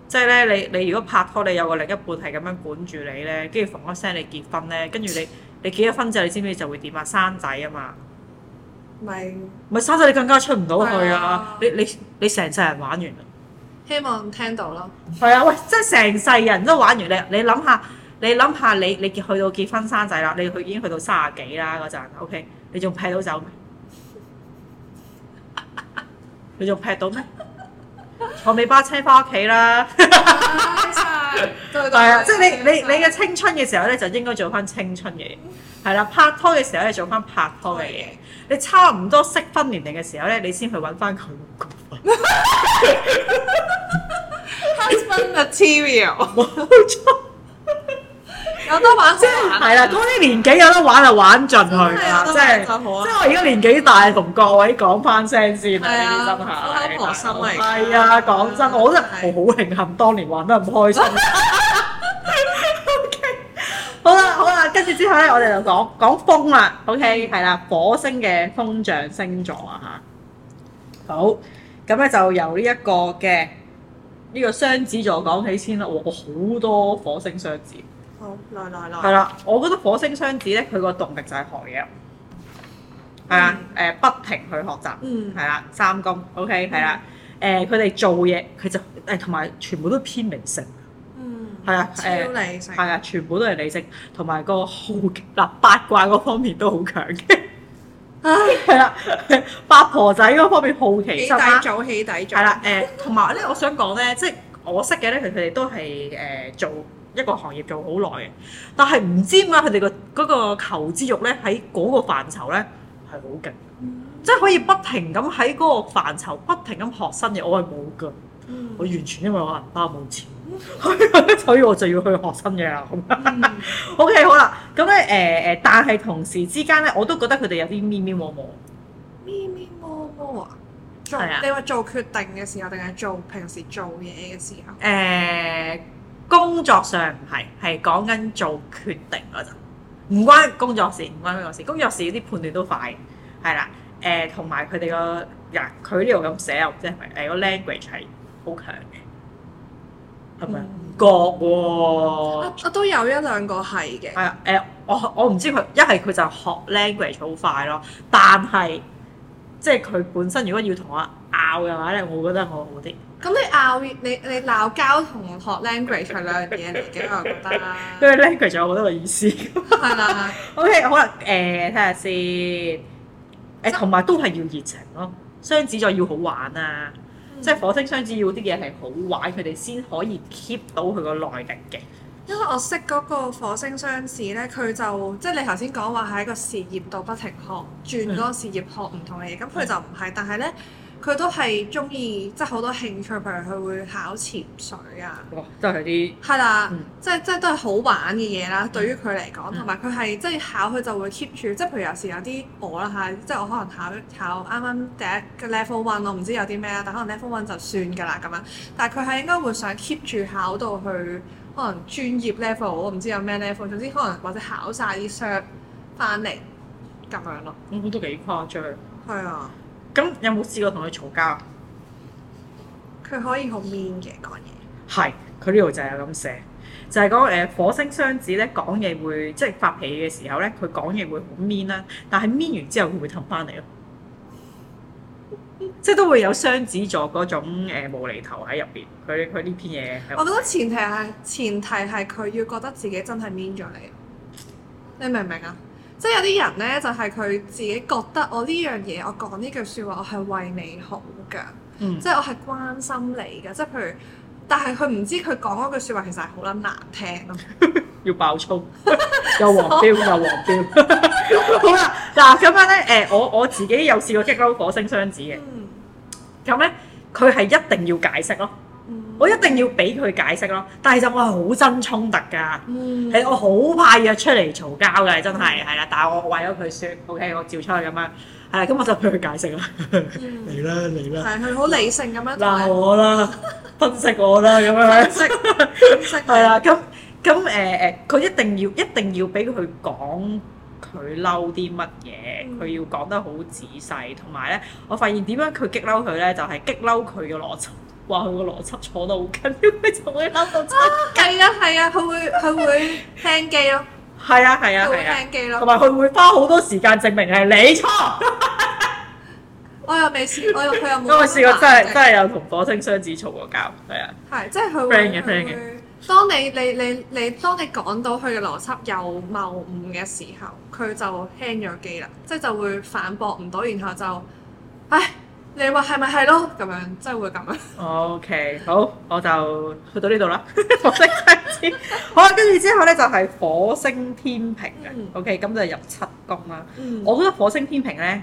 即係咧，你你如果拍拖，你有個另一半係咁樣管住你咧，跟住逢一聲你結婚咧，跟住你你，你結咗婚之後，你知唔知就會點啊？生仔啊嘛！唔係生仔你更加出唔到去啊！你你你成世人玩完啦！希望聽到咯。係啊，喂！即係成世人都玩完你。你諗下，你諗下，你你去到結婚生仔啦，你去已經去到三十幾啦嗰陣。OK，你仲劈到走咩？你仲劈到咩？我未包車翻屋企啦。係啊，即係你你你嘅青春嘅時候咧，就應該做翻青春嘅嘢。係啦，拍拖嘅時候咧，你做翻拍拖嘅嘢。你差唔多適婚年齡嘅時候咧，你先去揾翻佢老公。Husband material，冇錯，有得玩即係係啦，嗰啲年紀有得玩就玩進去啦，即係即係我而家年紀大，同各位講翻聲先，係呢啲真係，學生嚟。係啊，講真，我覺得我好慶幸當年玩得咁開心。好啦，好啦，跟住之後咧，我哋就講講風啦，OK，係啦、嗯，火星嘅風象星座啊吓，好，咁咧就由呢一個嘅呢、這個雙子座講起先啦。哇，好多火星雙子。好，來來來。係啦，我覺得火星雙子咧，佢個動力就係學嘢，係啊、嗯，誒、呃，不停去學習，嗯，係啦，三公，OK，係啦、嗯，誒，佢、呃、哋做嘢，佢就誒同埋全部都偏理性。係啊，誒，係、呃、啊，全部都係理性，同埋個好奇嗱八卦嗰方面都好強嘅，係啦唉，八婆仔嗰方面好奇心底做、啊、起底做，係啦，誒，同埋咧，我想講咧，即、就、係、是、我識嘅咧，佢哋都係誒、呃、做一個行業做好耐嘅，但係唔知點解佢哋個嗰求知欲咧喺嗰個範疇咧係好勁，即係、嗯、可以不停咁喺嗰個範疇不停咁學新嘢，我係冇噶，嗯、我完全因為我銀包冇錢。所以 我就要去學新嘢啦。好嗯、OK，好啦，咁咧誒誒，但係同時之間咧，我都覺得佢哋有啲咪咪摸摸咪咪摸摸啊？係啊，你話做決定嘅時候，定係做平時做嘢嘅時候？誒、呃，工作上唔係，係講緊做決定嗰陣，唔關工作事，唔關工作事。工作事啲判斷都快，係啦、啊。誒、呃，同埋佢哋個日佢呢度咁寫，即係誒個 language 係好強嘅。係咪唔覺喎！我都有一兩個係嘅。係啊，誒、欸，我我唔知佢一係佢就學 language 好快咯，但係即係佢本身如果要同我拗嘅話咧，我覺得我好啲。咁你拗你你鬧交同學 language 係兩樣嘢嚟嘅， 我覺得。因為 language 我覺得有意思。係、呃、啦。O K，好啊，誒，睇下先。誒、欸，同埋那都係要熱情咯，雙子座要好玩啊！即係火星雙子要啲嘢係好玩，佢哋先可以 keep 到佢個耐力嘅。因為我識嗰個火星雙子咧，佢就即係你頭先講話喺一個事業度不停學，轉多個事業學唔同嘅嘢。咁佢、嗯、就唔係，但係咧。佢都係中意即係好多興趣，譬如佢會考潛水啊，即係啲係啦，即係即係都係好玩嘅嘢啦。對於佢嚟講，同埋佢係即係考佢就會 keep 住，即係譬如有時有啲我啦嚇，即係我可能考考啱啱第一個 level one，我唔知有啲咩啦，但可能 level one 就算㗎啦咁樣。但係佢係應該會想 keep 住考到去可能專業 level，我唔知有咩 level，總之可能或者考晒啲 shirt 翻嚟咁樣咯。我覺得幾誇張。係啊。咁有冇試過同佢嘈交？佢可以好 mean 嘅講嘢。係，佢呢度就係咁寫，就係嗰個誒火星雙子咧，講嘢會即係發脾氣嘅時候咧，佢講嘢會好 mean 啦。但係 mean 完之後會氹翻嚟咯， 即係都會有雙子座嗰種誒、呃、無厘頭喺入邊。佢佢呢篇嘢，我覺得前提係前提係佢要覺得自己真係 mean 咗你，你明唔明啊？即係有啲人咧，就係、是、佢自己覺得我呢樣嘢，我講呢句説話，我係為你好㗎，嗯、即係我係關心你㗎。即係譬如，但係佢唔知佢講嗰句説話其實係好撚難聽咯，要爆粗，又 黃標 又黃標。 好啦，嗱咁樣咧，誒、呃、我我自己有試過激嬲火星雙子嘅，咁咧佢係一定要解釋咯。我一定要俾佢解釋咯，但係其實我係好憎衝突噶，係、嗯、我好怕約出嚟嘈交嘅，真係係啦。但係我為咗佢説，OK，我照出去咁樣，係、嗯、啦，咁我就俾佢解釋啦。嚟啦嚟啦，係佢好理性咁樣。鬧我啦，分析 我啦，咁樣分析，係啦。咁咁誒誒，佢、呃、一定要一定要俾佢講佢嬲啲乜嘢，佢、嗯、要講得好仔細，同埋咧，我發現點樣佢激嬲佢咧，就係、是、激嬲佢嘅邏輯。話佢個邏輯坐得好緊，佢就會嬲到。係啊係啊，佢、啊啊啊、會佢會 hang 機咯。係啊係啊係啊，佢、啊啊、會 hang 機咯。同埋佢會花好多時間證明係你錯。 我又未試，我又佢又冇。我試過真係正真係有同火星雙子吵過交，係啊。係即係佢會。friend 嘅 friend 嘅。當你你你你，你，你當你講到佢嘅邏輯有謬誤嘅時候，佢就 hang 咗機啦，即、就、係、是、就會反駁唔到，然後就，然後就唉。你話係咪係咯？咁樣真係會咁樣。O K，好，我就去到呢度啦。火星天秤， 好啦，跟住之後呢，就係、是、火星天秤嘅。O K，咁就入七宮啦。嗯、我覺得火星天秤呢，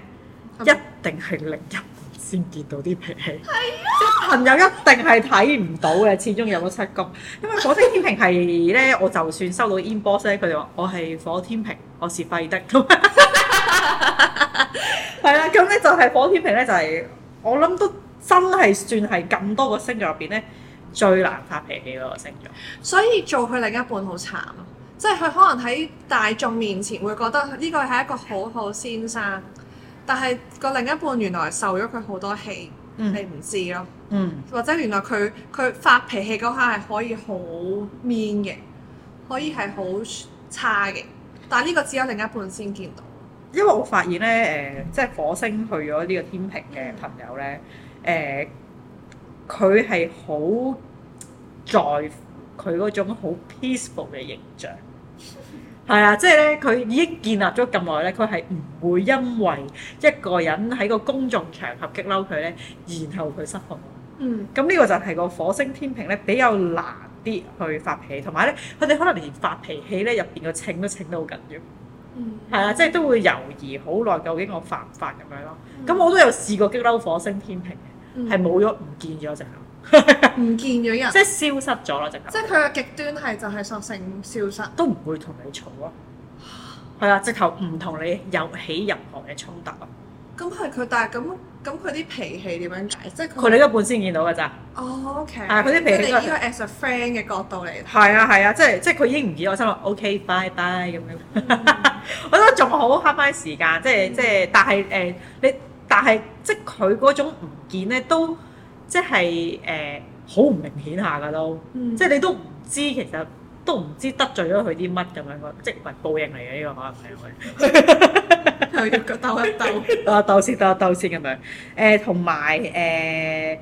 嗯、一定係另一先見到啲脾氣，啊、朋友一定係睇唔到嘅。始終入咗七宮，因為火星天秤係呢，我就算收到 inbox 佢哋話我係火天秤，我是廢的。係啦，咁呢就係火天秤呢，就係、是。我諗都真係算係咁多個星座入邊咧最難發脾氣嗰個星座，所以做佢另一半好慘咯。即係佢可能喺大眾面前會覺得呢個係一個好好先生，但係個另一半原來受咗佢好多氣，嗯、你唔知咯。嗯，或者原來佢佢發脾氣嗰刻係可以好 mean 嘅，可以係好差嘅，但係呢個只有另一半先見到。因為我發現咧，誒、呃，即係火星去咗呢個天秤嘅朋友咧，誒、呃，佢係好在乎佢嗰種好 peaceful 嘅形象，係 啊，即係咧，佢已經建立咗咁耐咧，佢係唔會因為一個人喺個公眾場合激嬲佢咧，然後佢失控。嗯，咁呢個就係個火星天秤咧比較難啲去發脾氣，同埋咧，佢哋可能連發脾氣咧入邊個稱都稱得好緊要。嗯，係啊，即係都會猶豫好耐，究竟我煩唔煩咁樣咯？咁、嗯、我都有試過激嬲火星天秤嘅，係冇咗，唔見咗隻狗，唔 見咗人，即係消失咗咯隻狗。即係佢嘅極端係就係索性消失，都唔會同你吵咯，係啊， 直頭唔同你有起任何嘅衝突咯。咁係佢，但係咁。咁佢啲脾氣點樣？即係佢另一半先見到嘅咋？哦、oh，OK。係佢啲脾氣我哋依個 as a friend 嘅角度嚟。係啊，係啊，啊，即係即係佢已經唔見我心諗，mm hmm，OK，bye bye 咁樣。Mm hmm. 我覺得仲好慳翻時間，即係即係，但係誒，你但係即係佢嗰種唔見咧，都即係誒好唔明顯下噶都，即係、呃 mm hmm. 你都唔知其實都唔知得罪咗佢啲乜咁樣，即係報應嚟嘅，呢個可能係。 佢又腳抖一抖，啊抖先，抖一抖先咁樣。誒同埋誒，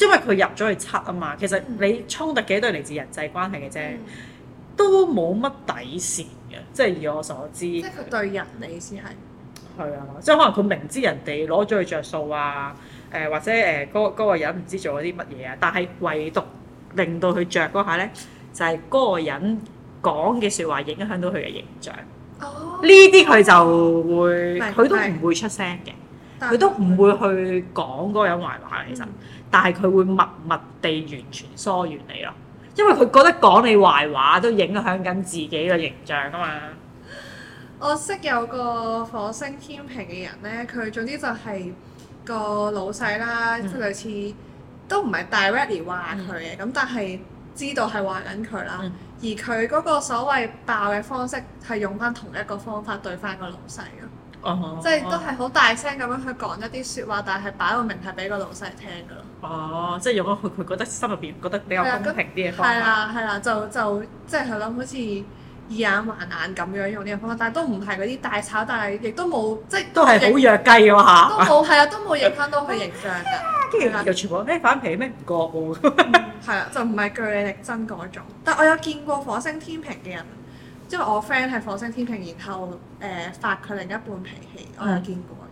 因為佢入咗去七啊嘛，其實你衝突幾多都係嚟自人際關係嘅啫，都冇乜底線嘅，即係以我所知。即係佢對人，你意思係？係啊，即係可能佢明知人哋攞咗去著數啊，誒或者誒嗰個嗰個人唔知做咗啲乜嘢啊，但係唯獨令到佢著嗰下咧，就係嗰個人講嘅説話影響到佢嘅形象。呢啲佢就會，佢白都唔會出聲嘅，佢是都唔會去講嗰人壞話嘅。嗯、其實，但係佢會默默地完全疏遠你咯，因為佢覺得講你壞話都影響緊自己嘅形象啊嘛。我識有個火星天秤嘅人呢，佢總之就係個老細啦，即、嗯、類似都唔係 directly 話佢嘅，咁、嗯、但係知道係話緊佢啦。嗯而佢嗰個所謂爆嘅方式係用翻同一個方法對翻個老細咯，oh, oh, oh. 即係都係好大聲咁樣去講一啲説話，但係擺個名係俾個老細聽噶咯。哦，oh, 即係用一個佢覺得心入邊覺得比較公平啲嘅方法。係啦，係啦，就就即係諗好似以眼還眼咁樣用呢個方法，但係都唔係嗰啲大炒，但係亦都冇即係都係好弱雞喎嚇。都冇係啊，都冇影翻到佢形象噶。又全部咩、欸、反脾咩唔覺喎，係 就唔係據理力爭嗰種。但我有見過火星天秤嘅人，即係我 friend 係火星天秤，然後誒、呃、發佢另一半脾氣，我有見過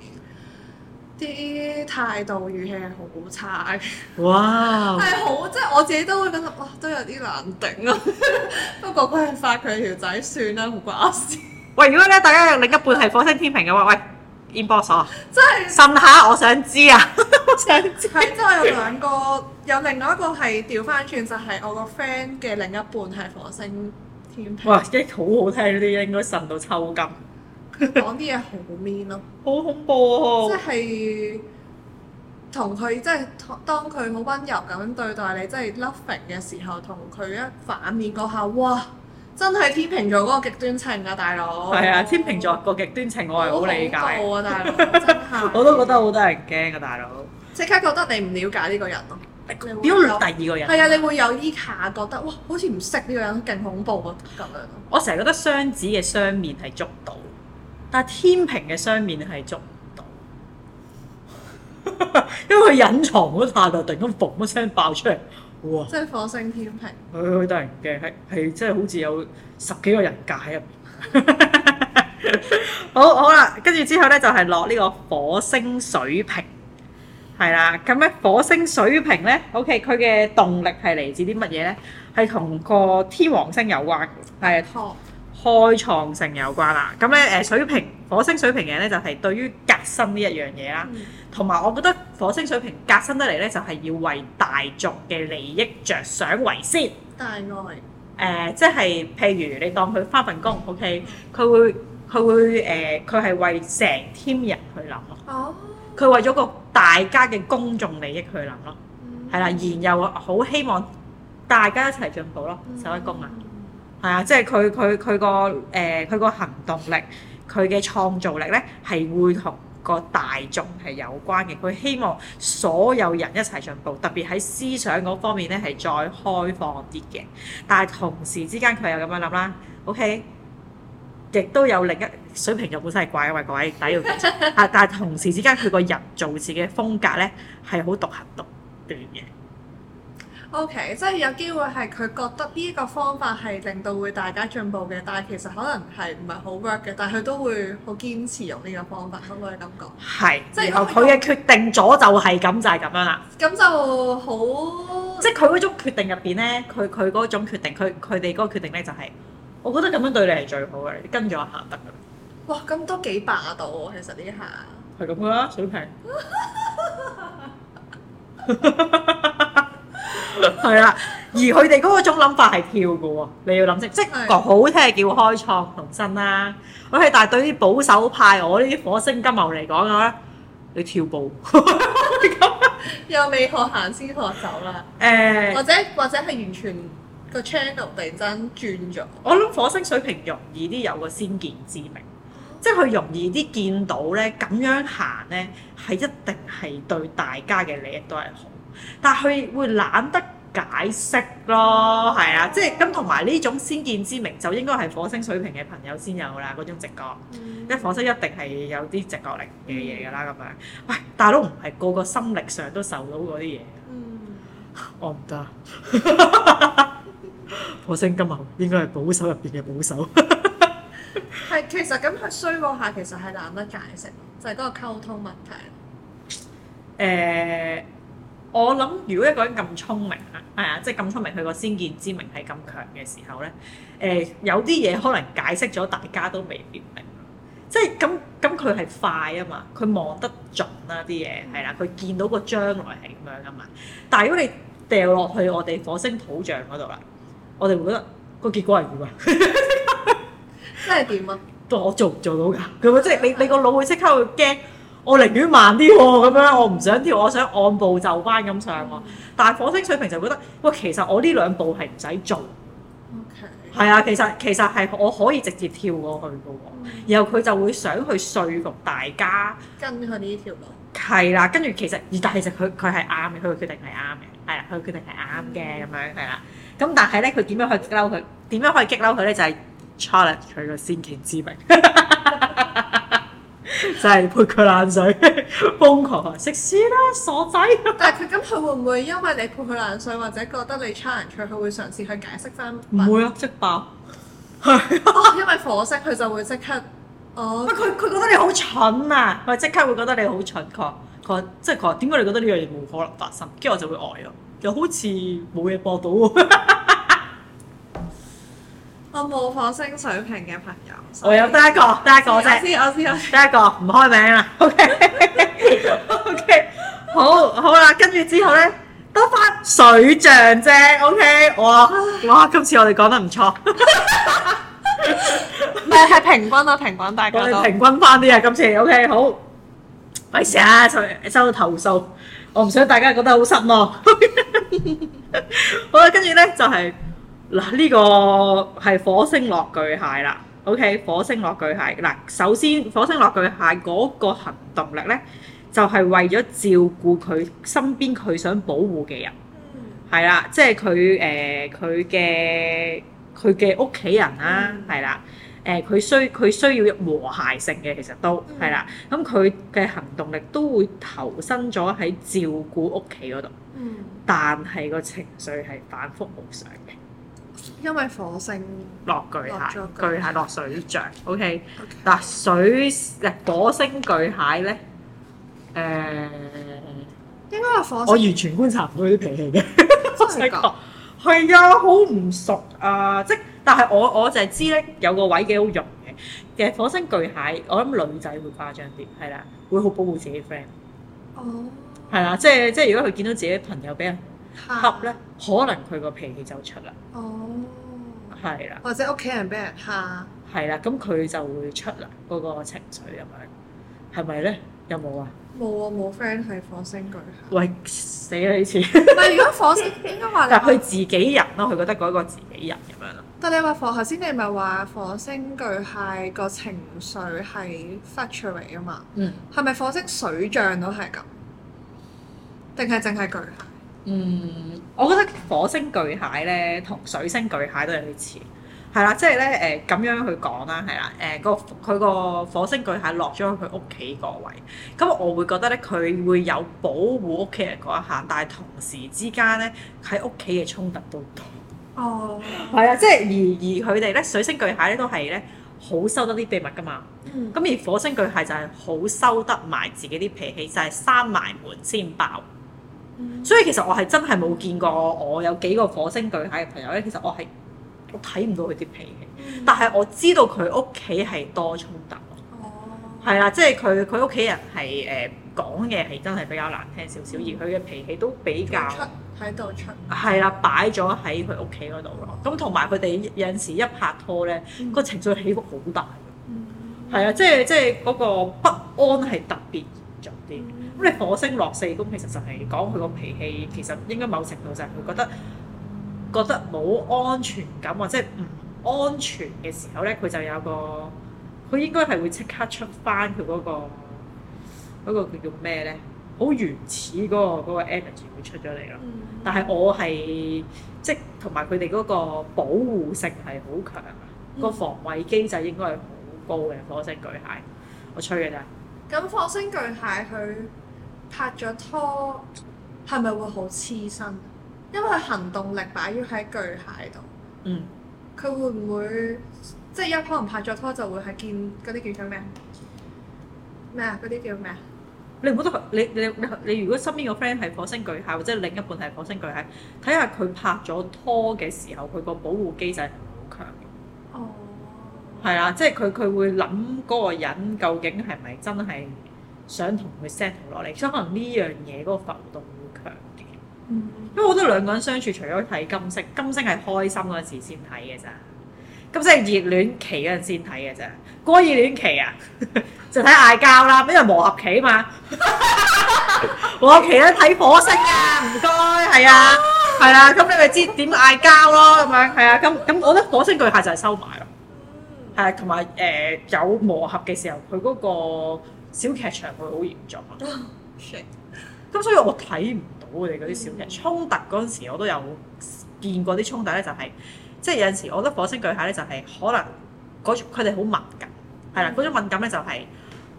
啲、嗯、態度語氣係好差嘅。哇 Wow！ 係好，即係我自己都會覺得哇，都有啲難頂啊。 哥哥不過佢發佢條仔算啦，唔關我事。喂，如果咧大家有另一半係火星天秤嘅話，喂。inbox 啊！即係是，呻下我想知啊！ 我想知，即係有兩個，有另外一個係調翻轉，就係、是、我個 friend 嘅另一半係火星天秤。哇！即係好好聽嗰啲，應該呻到抽筋。佢講啲嘢好 mean 咯，好恐怖啊、哦！即係同佢，即係當佢好温柔咁對待你，即係 loving 嘅時候，同佢一反面嗰下，哇！真係天秤座嗰個極端情噶，大佬。係啊，天秤座個極端情我係好理解。好恐怖啊，大佬！我都 覺得好多人驚啊，大佬。即 刻覺得你唔了解呢個人咯，你表露第二個人。係啊，你會有依下覺得哇，好似唔識呢個人，勁恐怖咁樣。 我成日覺得雙子嘅雙面係捉到，但係天秤嘅雙面係捉唔到， 因為佢隱藏好下就突然間嘣一聲爆出嚟。即係哇火星天秤，佢佢得人驚，係係即係好似有十幾個人格喺入邊。 好，好啦，跟住之後咧就係落呢個火星水瓶，係啦。咁、嗯、咧火星水瓶咧，OK，佢嘅動力係嚟自啲乜嘢咧？係同個天王星有關嘅，係。嗯開創性有關啦、啊，咁咧誒水瓶火星水瓶嘅咧就係、是、對於革新呢一樣嘢啦，同埋、嗯、我覺得火星水瓶革新得嚟咧就係、是、要為大眾嘅利益着想為先。大愛外誒、呃，即係譬如你當佢翻份工，OK，佢會佢會誒，佢、呃、係為成 team 人去諗咯。哦，佢為咗個大家嘅公眾利益去諗咯，係、嗯、啦，然又好希望大家一齊進步咯，嗯、手一工啊！係啊，即係佢佢佢個誒佢、呃、個行動力，佢嘅創造力咧係會同個大眾係有關嘅。佢希望所有人一齊進步，特別喺思想嗰方面咧係再開放啲嘅。但係同時之間佢又咁樣諗啦，OK，亦都有另一水瓶，就本身係怪嘅嘛，怪底要嘅。啊，但係同時之間佢個人做自己風格咧係好獨行、獨斷嘅。O、okay, K，即係有機會係佢覺得呢一個方法係令到會大家進步嘅，但係其實可能係唔係好 work 嘅，但係佢都會好堅持用呢個方法，咁樣感覺。係是，即 然後佢嘅如果 決定咗就係咁，就係、是、咁樣啦。咁就好。即係佢嗰種決定入邊呢，佢佢嗰種決定，佢佢哋嗰個決定呢，定就係、是、我覺得咁樣對你係最好嘅，你跟住我行得㗎。哇！咁都幾霸道喎，其實呢下。係咁啊，上台。係啦、 啊，而佢哋嗰個種諗法係跳噶喎，你要諗清，即係講好聽叫開創同新啦。喂，但係對於保守派我呢啲火星金牛嚟講嘅話，你跳步 又未學行先學走啦。誒、欸，或者或者係完全個 channel 突然間轉咗。我諗火星水瓶容易啲有個先見之明，即係佢容易啲見到咧，咁樣行咧係一定係對大家嘅利益都係好。但佢會懶得解釋咯，係啊，即係咁同埋呢種先見之明，就應該係火星水瓶嘅朋友先有啦，嗰種直覺。嗯、因為火星一定係有啲直覺力嘅嘢㗎啦，咁樣。喂、哎，但係都唔係個個心力上都受到嗰啲嘢。嗯，我唔得。 火星金牛應該係保守入邊嘅保守 。係，其實咁佢衰落下，其實係懶得解釋，就係、是、嗰個溝通問題。誒、呃。我諗，如果一個人咁聰明嚇，係啊，即係咁聰明，佢個先見之明係咁強嘅時候咧，誒、呃，有啲嘢可能解釋咗，大家都未必明。即係咁咁，佢係快啊嘛，佢望得準啦啲嘢，係啦，佢、啊、見到個將來係咁樣啊嘛。但係如果你掉落去我哋火星土象嗰度啦，我哋會覺得個結果係點 啊？即係點啊？都我做唔做到㗎？係咪即係你你個腦會即刻會驚？我寧願慢啲喎、哦，咁樣我唔想跳，我想按步就班咁上喎。嗯、但係火星水瓶就覺得，喂，其實我呢兩步係唔使做。o Okay. 係啊，其實其實係我可以直接跳過去嘅喎、哦。嗯、然後佢就會想去說服大家跟佢呢條路。係啦、啊，跟住其實，但係其實佢佢係啱嘅，佢嘅決定係啱嘅，係啊，佢決定係啱嘅咁樣係啦。咁、嗯啊、但係咧，佢點樣去激嬲佢？點樣可以激嬲佢咧？就係、是、challenge 佢嘅先見之明。 就係潑佢冷水，瘋狂食屎啦，傻仔！但係佢咁，佢會唔會因為你潑佢冷水，或者覺得你差人處，佢會嘗試去解釋返？唔會啊，即爆係、 哦、因為火星，佢就會即刻哦。佢佢覺得你好蠢啊？佢即刻會覺得你好蠢，佢話佢話即係佢話點解你覺得呢樣嘢冇可能發生？跟住我就會呆咯，又好似冇嘢播到、啊。 我冇火星水瓶嘅朋友，我有得一個，得一個啫。我知，我知。我先。得一個，唔開名啦。O K，O K，好好啦。跟住之後咧，得翻水象啫。OK，哇 哇，今次我哋講得唔錯。唔 係 平均啊，平均大家。我哋平均翻啲啊，今次。OK，好，喂，事啊，收到投訴，我唔想大家覺得好失望。 好啦，跟住咧就係。嗱，呢個係火星落巨蟹啦，OK，火星落巨蟹嗱，首先火星落巨蟹嗰個行動力咧，就係為咗照顧佢身邊佢想保護嘅人，係啦，即係佢誒佢嘅佢嘅屋企人啦，係啦，誒佢需佢需要一和諧性嘅，其實都係啦，咁佢嘅行動力都會投身咗喺照顧屋企嗰度，但係個情緒係反覆無常嘅。因為火星落巨蟹，巨蟹落水象，OK，嗱水誒火星巨蟹咧，誒，應該係火星，我完全觀察唔到佢啲脾氣嘅，真係噶，係啊，好唔熟啊，即係，但係我我就係知咧，有個位幾好用嘅，其實火星巨蟹，我諗女仔會誇張啲，係啦，會好保護自己 friend，哦，係啦，即係即係如果佢見到自己朋友俾人。合咧下，可能佢個脾氣就出啦。哦、oh, 的，係啦，或者屋企人俾人蝦，係啦，咁佢就會出啦嗰、那個情緒咁樣，係咪咧？有冇啊？冇啊！冇 friend 係火星巨蟹，喂死啦！呢次唔係如果火星 應該話佢自己人咯、啊，佢覺得嗰個自己人咁樣咯。但你話火頭先，你咪話火星巨蟹個情緒係發出嚟嘅嘛？嗯，係咪火星水象都係咁？定係淨係巨蟹？嗯，我覺得火星巨蟹咧同水星巨蟹都有啲似，係啦，即係咧誒咁樣去講啦，係啦，誒個佢個火星巨蟹落咗佢屋企個位，咁我會覺得咧佢會有保護屋企人嗰一下，但係同時之間咧喺屋企嘅衝突都多。哦，係啊，即係而而佢哋咧水星巨蟹咧都係咧好收得啲秘密㗎嘛，咁、嗯、而火星巨蟹就係好收得埋自己啲脾氣，就係閂埋門先爆。所以其實我係真係冇見過我有幾個火星巨蟹嘅朋友咧，其實我係我睇唔到佢啲脾氣，嗯、但係我知道佢屋企係多衝突哦，係啦，即係佢佢屋企人係誒講嘢係真係比較難聽少少，嗯、而佢嘅脾氣都比較睇到出，係啦，擺咗喺佢屋企嗰度咯。咁同埋佢哋有陣時一拍拖咧，個、嗯、情緒起伏好大。嗯，係啊、嗯，即係即係嗰個不安係特別嚴重啲。嗯咁你火星落四宮，其實就係講佢個脾氣。其實應該某程度上係佢覺得、嗯、覺得冇安全感，或者唔安全嘅時候咧，佢就有個佢應該係會即刻出翻佢嗰個嗰、嗰個叫做咩咧，好原始嗰、嗰個嗰個 energy 會出咗嚟咯。嗯、但係我係即同埋佢哋嗰個保護性係好強，個、嗯、防衞機制應該係好高嘅火星巨蟹。我吹嘅啫。咁火星巨蟹佢。拍咗拖係咪會好黐身？因為行動力擺於喺巨蟹度。嗯。佢會唔會即係一可能拍咗拖就會係見嗰啲叫咩咩啊？嗰啲叫咩啊？你唔覺得你你你如果身邊個 friend 係火星巨蟹，或者另一半係火星巨蟹，睇下佢拍咗拖嘅時候，佢個保護機制係好強嘅。哦。係啊，即係佢佢會諗嗰個人究竟係咪真係？想同佢 set 落嚟，所以可能呢樣嘢嗰個浮動會強啲。嗯、因為我覺得兩個人相處，除咗睇金星，金星係開心嗰陣時先睇嘅咋。金星係熱戀期嗰陣先睇嘅咋。過熱戀期啊， 就睇嗌交啦，因為磨合， 磨合期啊嘛。磨合期咧睇火星啊，唔該，係啊，係啊。咁你咪知點嗌交咯，咁樣係啊。咁咁，我覺得火星巨蟹就係收埋咯。係啊，同埋誒有磨合嘅時候，佢嗰、嗰個。小劇場會好嚴重啊！咁、oh, shit. 所以我睇唔到你嗰啲小劇、嗯、衝突嗰陣時，我都有見過啲衝突咧、就係，就係即係有陣時，我覺得火星巨蟹咧就係可能佢哋好敏感，係啦、嗯，嗰種敏感咧就係、是、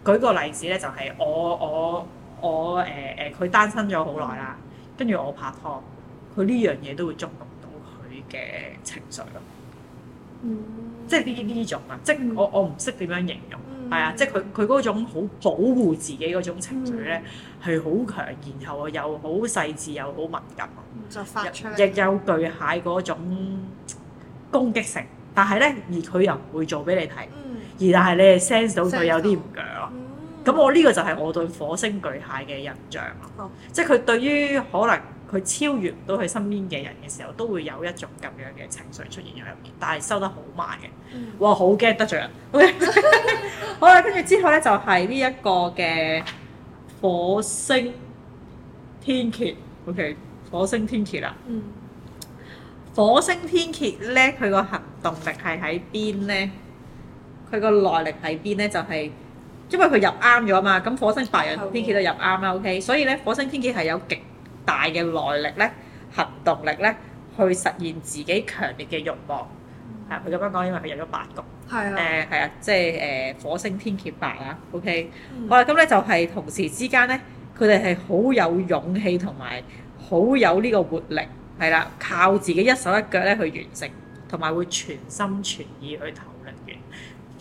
舉個例子咧，就係我我我誒誒佢單身咗好耐啦，跟住、嗯、我拍拖，佢呢樣嘢都會觸動到佢嘅情緒咯、嗯。即係呢呢種啊，即係我我唔識點樣形容。嗯。係啊，嗯、即係佢佢嗰種好保護自己嗰種情緒咧，係好強，然後又好細緻又好敏感，亦有巨蟹嗰種攻擊性，但係咧，嗯、而佢又唔會做俾你睇，嗯、而但係你係 sense 到佢有啲唔妥，咁、嗯、我呢個就係我對火星巨蟹嘅印象，嗯、即係佢對於可能。佢超越唔到佢身邊嘅人嘅時候，都會有一種咁樣嘅情緒出現喺入面，但係收得好慢嘅。嗯、哇，好驚得罪人。OK， 好啦，跟住之後咧就係呢一個嘅火星天蠍。OK，火星天蠍啦。嗯。火星天蠍咧，佢個行動力係喺邊咧？佢個耐力喺邊咧？就係因為佢入啱咗嘛。咁火星白羊同天蠍都入啱啦。O K，所以咧火星天蠍係有極大嘅耐力咧，行動力咧，去實現自己強烈嘅慾望。係佢咁樣講，因為佢入咗八宮。係啊。誒係、uh, 啊，即係誒、uh, 火星天蠍八啊。OK，嗯、好啦，咁咧就係、是、同時之間咧，佢哋係好有勇氣同埋好有呢個活力，係啦、啊，靠自己一手一腳咧去完成，同埋會全心全意去投。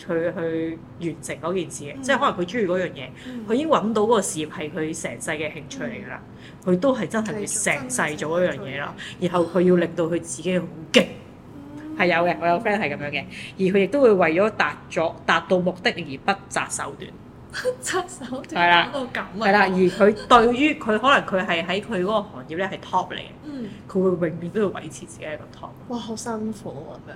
佢去完成嗰件事嘅，即係可能佢中意嗰樣嘢，佢已經揾到嗰個事業係佢成世嘅興趣嚟噶啦，佢都係真係成世做嗰樣嘢啦。然後佢要令到佢自己好勁，係有嘅。我有 friend 係咁樣嘅，而佢亦都會為咗達咗達到目的而不擇手段，不擇手段講到咁係啦。而佢對於佢可能佢係喺佢嗰個行業咧係 top 嚟嘅，佢會永遠都要維持自己一個 top。哇！好辛苦咁樣。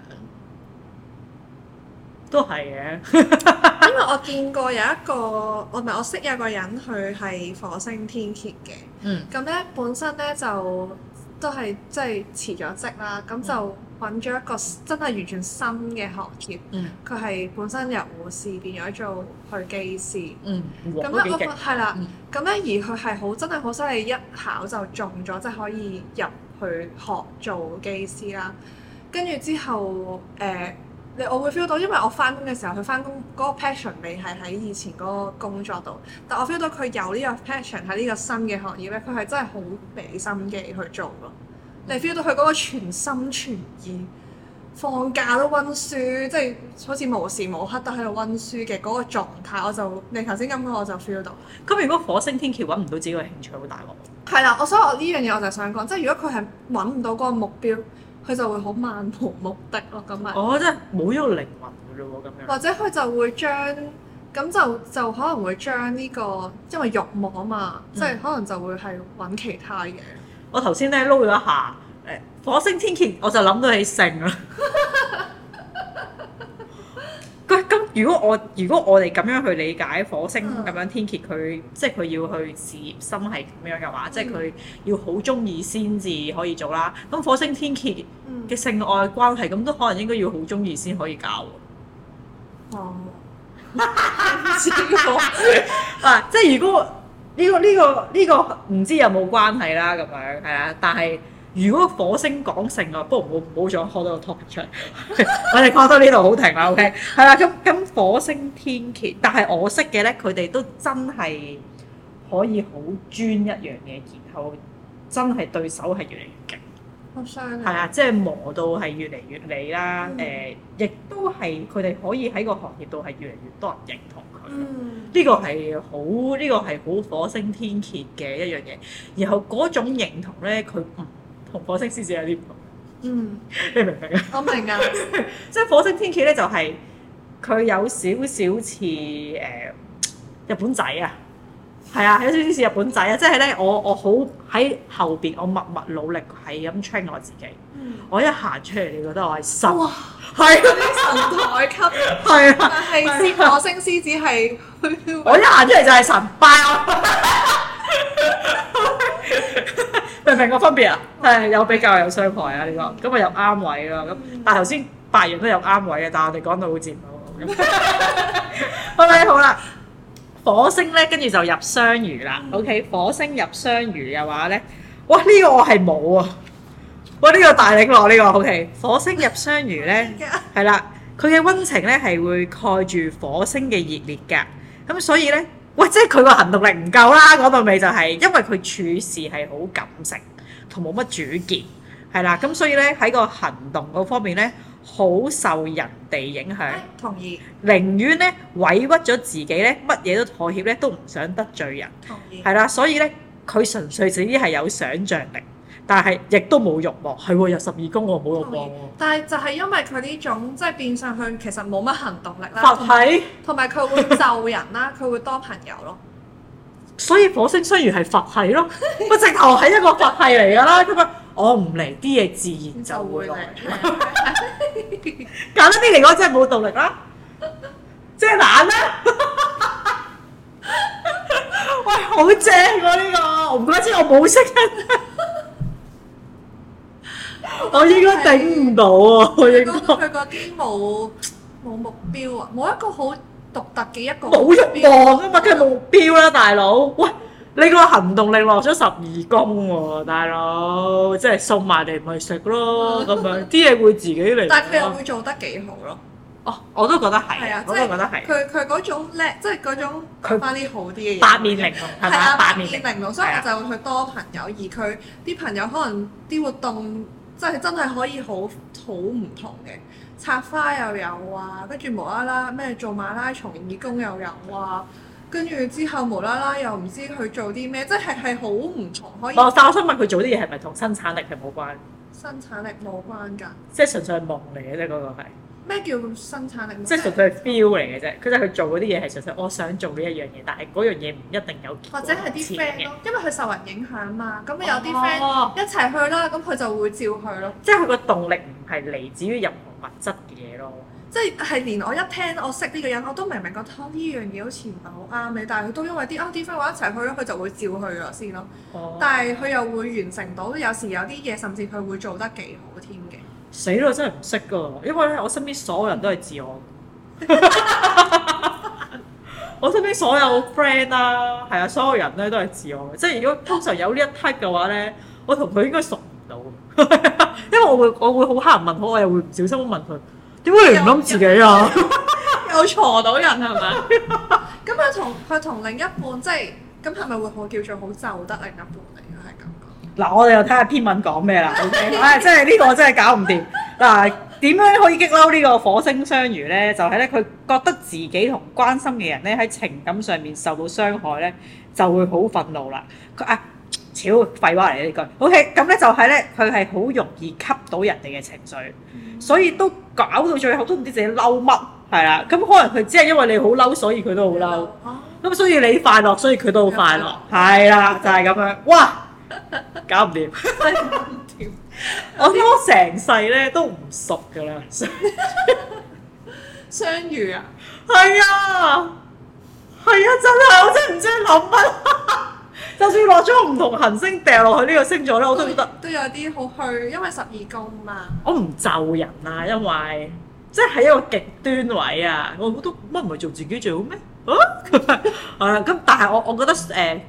都係嘅，因為我見過有一個， 哦、我唔係我識有個人，佢係火星天蠍嘅。嗯，咁咧本身咧就都係即係辭咗職啦，咁就揾咗一個真係完全新嘅學業。佢係本身由護士，變咗做去機師。嗯，咁咧係啦，咁咧而佢係好真係好犀利，一考就中咗，即、就、係、是、可以入去學,學做機師啦。跟住之後，誒、呃。嗯嗯你我會 feel 到，因為我翻工嘅時候，佢翻工嗰個 passion 未係喺以前嗰個工作度，但我 feel 到佢有呢個 passion 喺呢個新嘅行業咧，佢係真係好俾心機去做咯。你 feel 到佢嗰個全心全意放假都溫書，即係好似無時無刻都喺度溫書嘅嗰個狀態，我就你頭先咁講，我就 feel 到。咁如果火星天秤揾唔到自己嘅興趣，好大鑊。係啦，所以我想我呢樣嘢我就想講，即係如果佢係揾唔到嗰個目標。佢就會好漫無目的咯，咁啊！哦，即係冇一個靈魂嘅啫喎，咁樣。或者佢就會將咁就就可能會將呢、呢個因為慾望啊嘛，嗯、即係可能就會係揾其他嘢。我頭先咧撈咗一下誒，欸，火星天蠍，我就諗到係性啦。嗰 一 如果我如果我哋咁樣去理解火星咁樣天蠍，佢、嗯，即係佢要去事業心係咁樣嘅話，嗯、即係佢要好中意先至可以做啦。咁火星天蠍嘅性愛關係，咁都可能應該要好中意先可以搞。哦、嗯，唔知我嗱，即係如果呢、呢個呢、呢個呢、呢個唔知有冇關係啦，咁樣係啊，但係。如果火星講性，不如不不， 我唔好再開多個 topic 出嚟。我哋講到呢度好停啦，OK？係啦、啊，咁咁火星天蠍，但係我識嘅咧，佢哋都真係可以好專一,一樣嘢，然後真係對手係越嚟越勁。好衰啊！即、就、係、是、磨到係越嚟越利啦。誒、嗯呃，亦都係佢哋可以喺個行業度係越嚟越多人認同佢、嗯這個。嗯，呢個係好呢個係好火星天蝎嘅一樣嘢。然後嗰種認同咧，佢唔～同火星獅子有啲唔同，嗯，你明唔明啊？ 我明啊， 即係火星天蠍咧，就係、是、佢有少少似誒、呃、日本仔啊，係啊，有少少似日本仔啊，即係咧，我我好喺後邊，我默默努力係咁 train 我自己，嗯、我一行出嚟，你覺得我係神，係啲神台級，係 啊，但係火星獅子係， 我一行出嚟就係神牌 明唔明個分別啊？係有比較有相害啊呢個，咁啊入啱位啦咁。但係頭先白羊都有啱位嘅，但係我哋講到好折唔到咁。好啦，火星咧，跟住就入雙魚啦。OK，火星入雙魚嘅話咧，哇！呢個我係冇啊，哇！呢個大檸樂呢個，OK，火星入雙魚咧，係啦，佢嘅溫情咧係會蓋住火星嘅熱烈㗎，咁所以咧。喂，即係佢個行動力唔夠啦，嗰度咪就係因為佢處事係好感性，同冇乜主見，係啦，咁所以咧，喺個行動嗰方面咧，好受人哋影響。同意。寧願咧委屈咗自己咧，乜嘢都妥協咧，都唔想得罪人。同意。係啦，所以咧，佢純粹只係有想像力。但係亦都冇用咯，係喎，有十二宮我冇用過。用過，但係就係因為佢呢種即係變上去，其實冇乜行動力啦。佛系，同埋佢會咒人啦，佢 會當朋友咯。所以火星雙魚係佛系咯，不直頭係一個佛系嚟㗎啦。咁啊，我唔嚟啲嘢自然就會嚟。簡單啲嚟講，即係冇動力啦，即係懶啦。喂，好正喎、啊、呢、呢個！唔怪之我冇識。我應該頂唔到啊！我應該佢嗰啲冇冇目標啊，冇一個好獨特嘅一個目標啊嘛，佢目標啦，大佬。喂，你個行動力落咗十二宮喎，大佬，即係送埋嚟咪食咯，咁樣啲嘢會自己嚟。但係佢又會做得幾好咯？哦，我都覺得係，係啊，我都覺得係。佢佢嗰種叻，即係嗰種翻啲好啲嘅嘢。八面玲瓏，係啊，八面玲瓏，所以我就會去多朋友，而佢啲朋友可能啲活動。即係真係可以好好唔同嘅，插花又有啊，跟住無啦啦咩做馬拉松義工又有啊，跟住之後無啦啦又唔知佢做啲咩，即係係好唔同可以。但我想問佢做啲嘢係咪同生產力係冇關？生產力冇關㗎。即係純粹係夢嚟嘅啫，嗰個係。咩叫生產力？即係純粹係 feel 嚟嘅啫，佢就佢做嗰啲嘢係純粹我想做嘅一樣嘢，但係嗰樣嘢唔一定有結果。或者係啲 friend 咯，因為佢受人影響嘛，咁啊有啲 friend 一齊去啦，咁佢就會照佢咯。哦，即係佢個動力唔係嚟自於任何物質嘅嘢咯。即係連我一聽我識呢個人，我都明明覺得呢樣嘢好似唔係好啱你，但係佢都因為啲啊啲 friend 話一齊去咯，佢就會照佢咗先咯。但係佢又會完成到，有時有啲嘢甚至佢會做得幾好添。死咯！真係唔識噶，因為咧，我身邊所有人都係自我。 我身邊所有 friend 啦、啊，係啊，所有人咧都係自我。即係如果通常有呢一 type 嘅話咧，我同佢應該熟唔到。 因為我會我會好黑人問號，我又會唔小心問佢：點解你唔諗自己啊？又鋤到人係咪？咁佢同佢同另一半，即係咁係咪會好叫做好就得另一半嚟咁？嚟係咁。嗱，我哋又睇下篇文講咩啦，OK，唉，真係呢個真係搞唔掂。嗱、啊，點樣可以激嬲呢個火星雙魚呢？就係、是、呢，佢覺得自己同關心嘅人呢喺情感上面受到傷害呢，就會好憤怒啦。佢啊，超廢話嚟呢句。OK，咁呢就係呢，佢係好容易吸到人哋嘅情緒，嗯、所以都搞到最後都唔知自己嬲乜，係啦。咁、嗯、可能佢只係因為你好嬲，所以佢都好嬲。咁、嗯、所以你快樂，所以佢都好快樂。係啦、嗯，就係、是、咁樣。哇！.搞唔掂，我啲我成世咧都唔熟噶啦，雙雙魚啊，係啊，係啊，真係我真唔知你諗乜。 就算落咗唔同行星掉落去呢個星座咧，我都覺得都有啲好虛，因為十二宮啊嘛。我唔咒人啊，因為即係一個極端位啊。我我覺得乜唔係做自己最好咩？係啊，咁、 啊、但係我我覺得誒誒、呃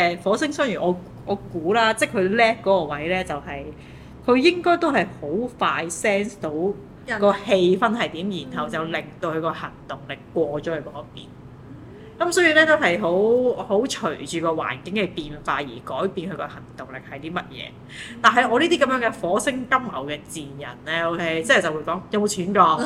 呃、火星雙魚我。我估啦，即係佢叻嗰個位呢，就係、是、佢應該都係好快 sense 到個氣氛係點，然後就令到佢個行動力過咗去嗰邊。咁、嗯、所以呢，都係好好隨住個環境嘅變化而改變佢個行動力係啲乜嘢。但係我呢啲咁樣嘅火星金牛嘅賤人呢，OK？即係就會講有冇錢噶，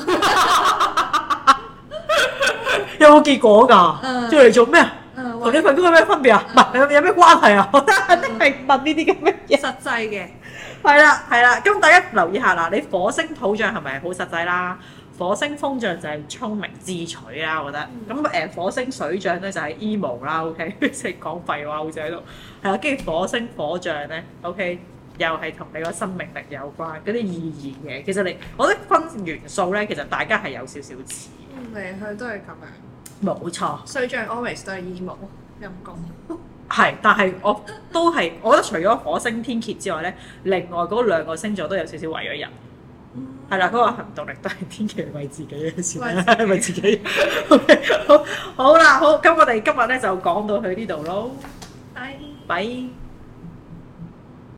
有冇 結果噶，做嚟做咩？同你份工有咩分別、嗯、啊？ 問你有咩關係啊？我覺得肯定係問呢啲咁嘅嘢實際際嘅。 係啦，係啦。咁大家留意下嗱，你火星土象係咪好實際啦？火星風象就係聰明智取啦。我覺得咁誒、嗯呃，火星水象咧就係 emo 啦。OK，一直講廢話好似喺度。係啊，跟住火星火象咧，OK，又係同你個生命力有關嗰啲意義嘅。其實你我覺得分元素咧，其實大家係有少少似嚟去都係咁樣。冇錯，水象 always 都係 emo 陰公，係， 但係我都係，我覺得除咗火星天蠍之外咧，另外嗰兩個星座都有少少為咗人，係啦、嗯，嗰、嗰個行動力都係天蠍為自己嘅事啦，為自己 okay, 好。好，好啦，好，咁我哋今日咧就講到去呢度咯。拜拜。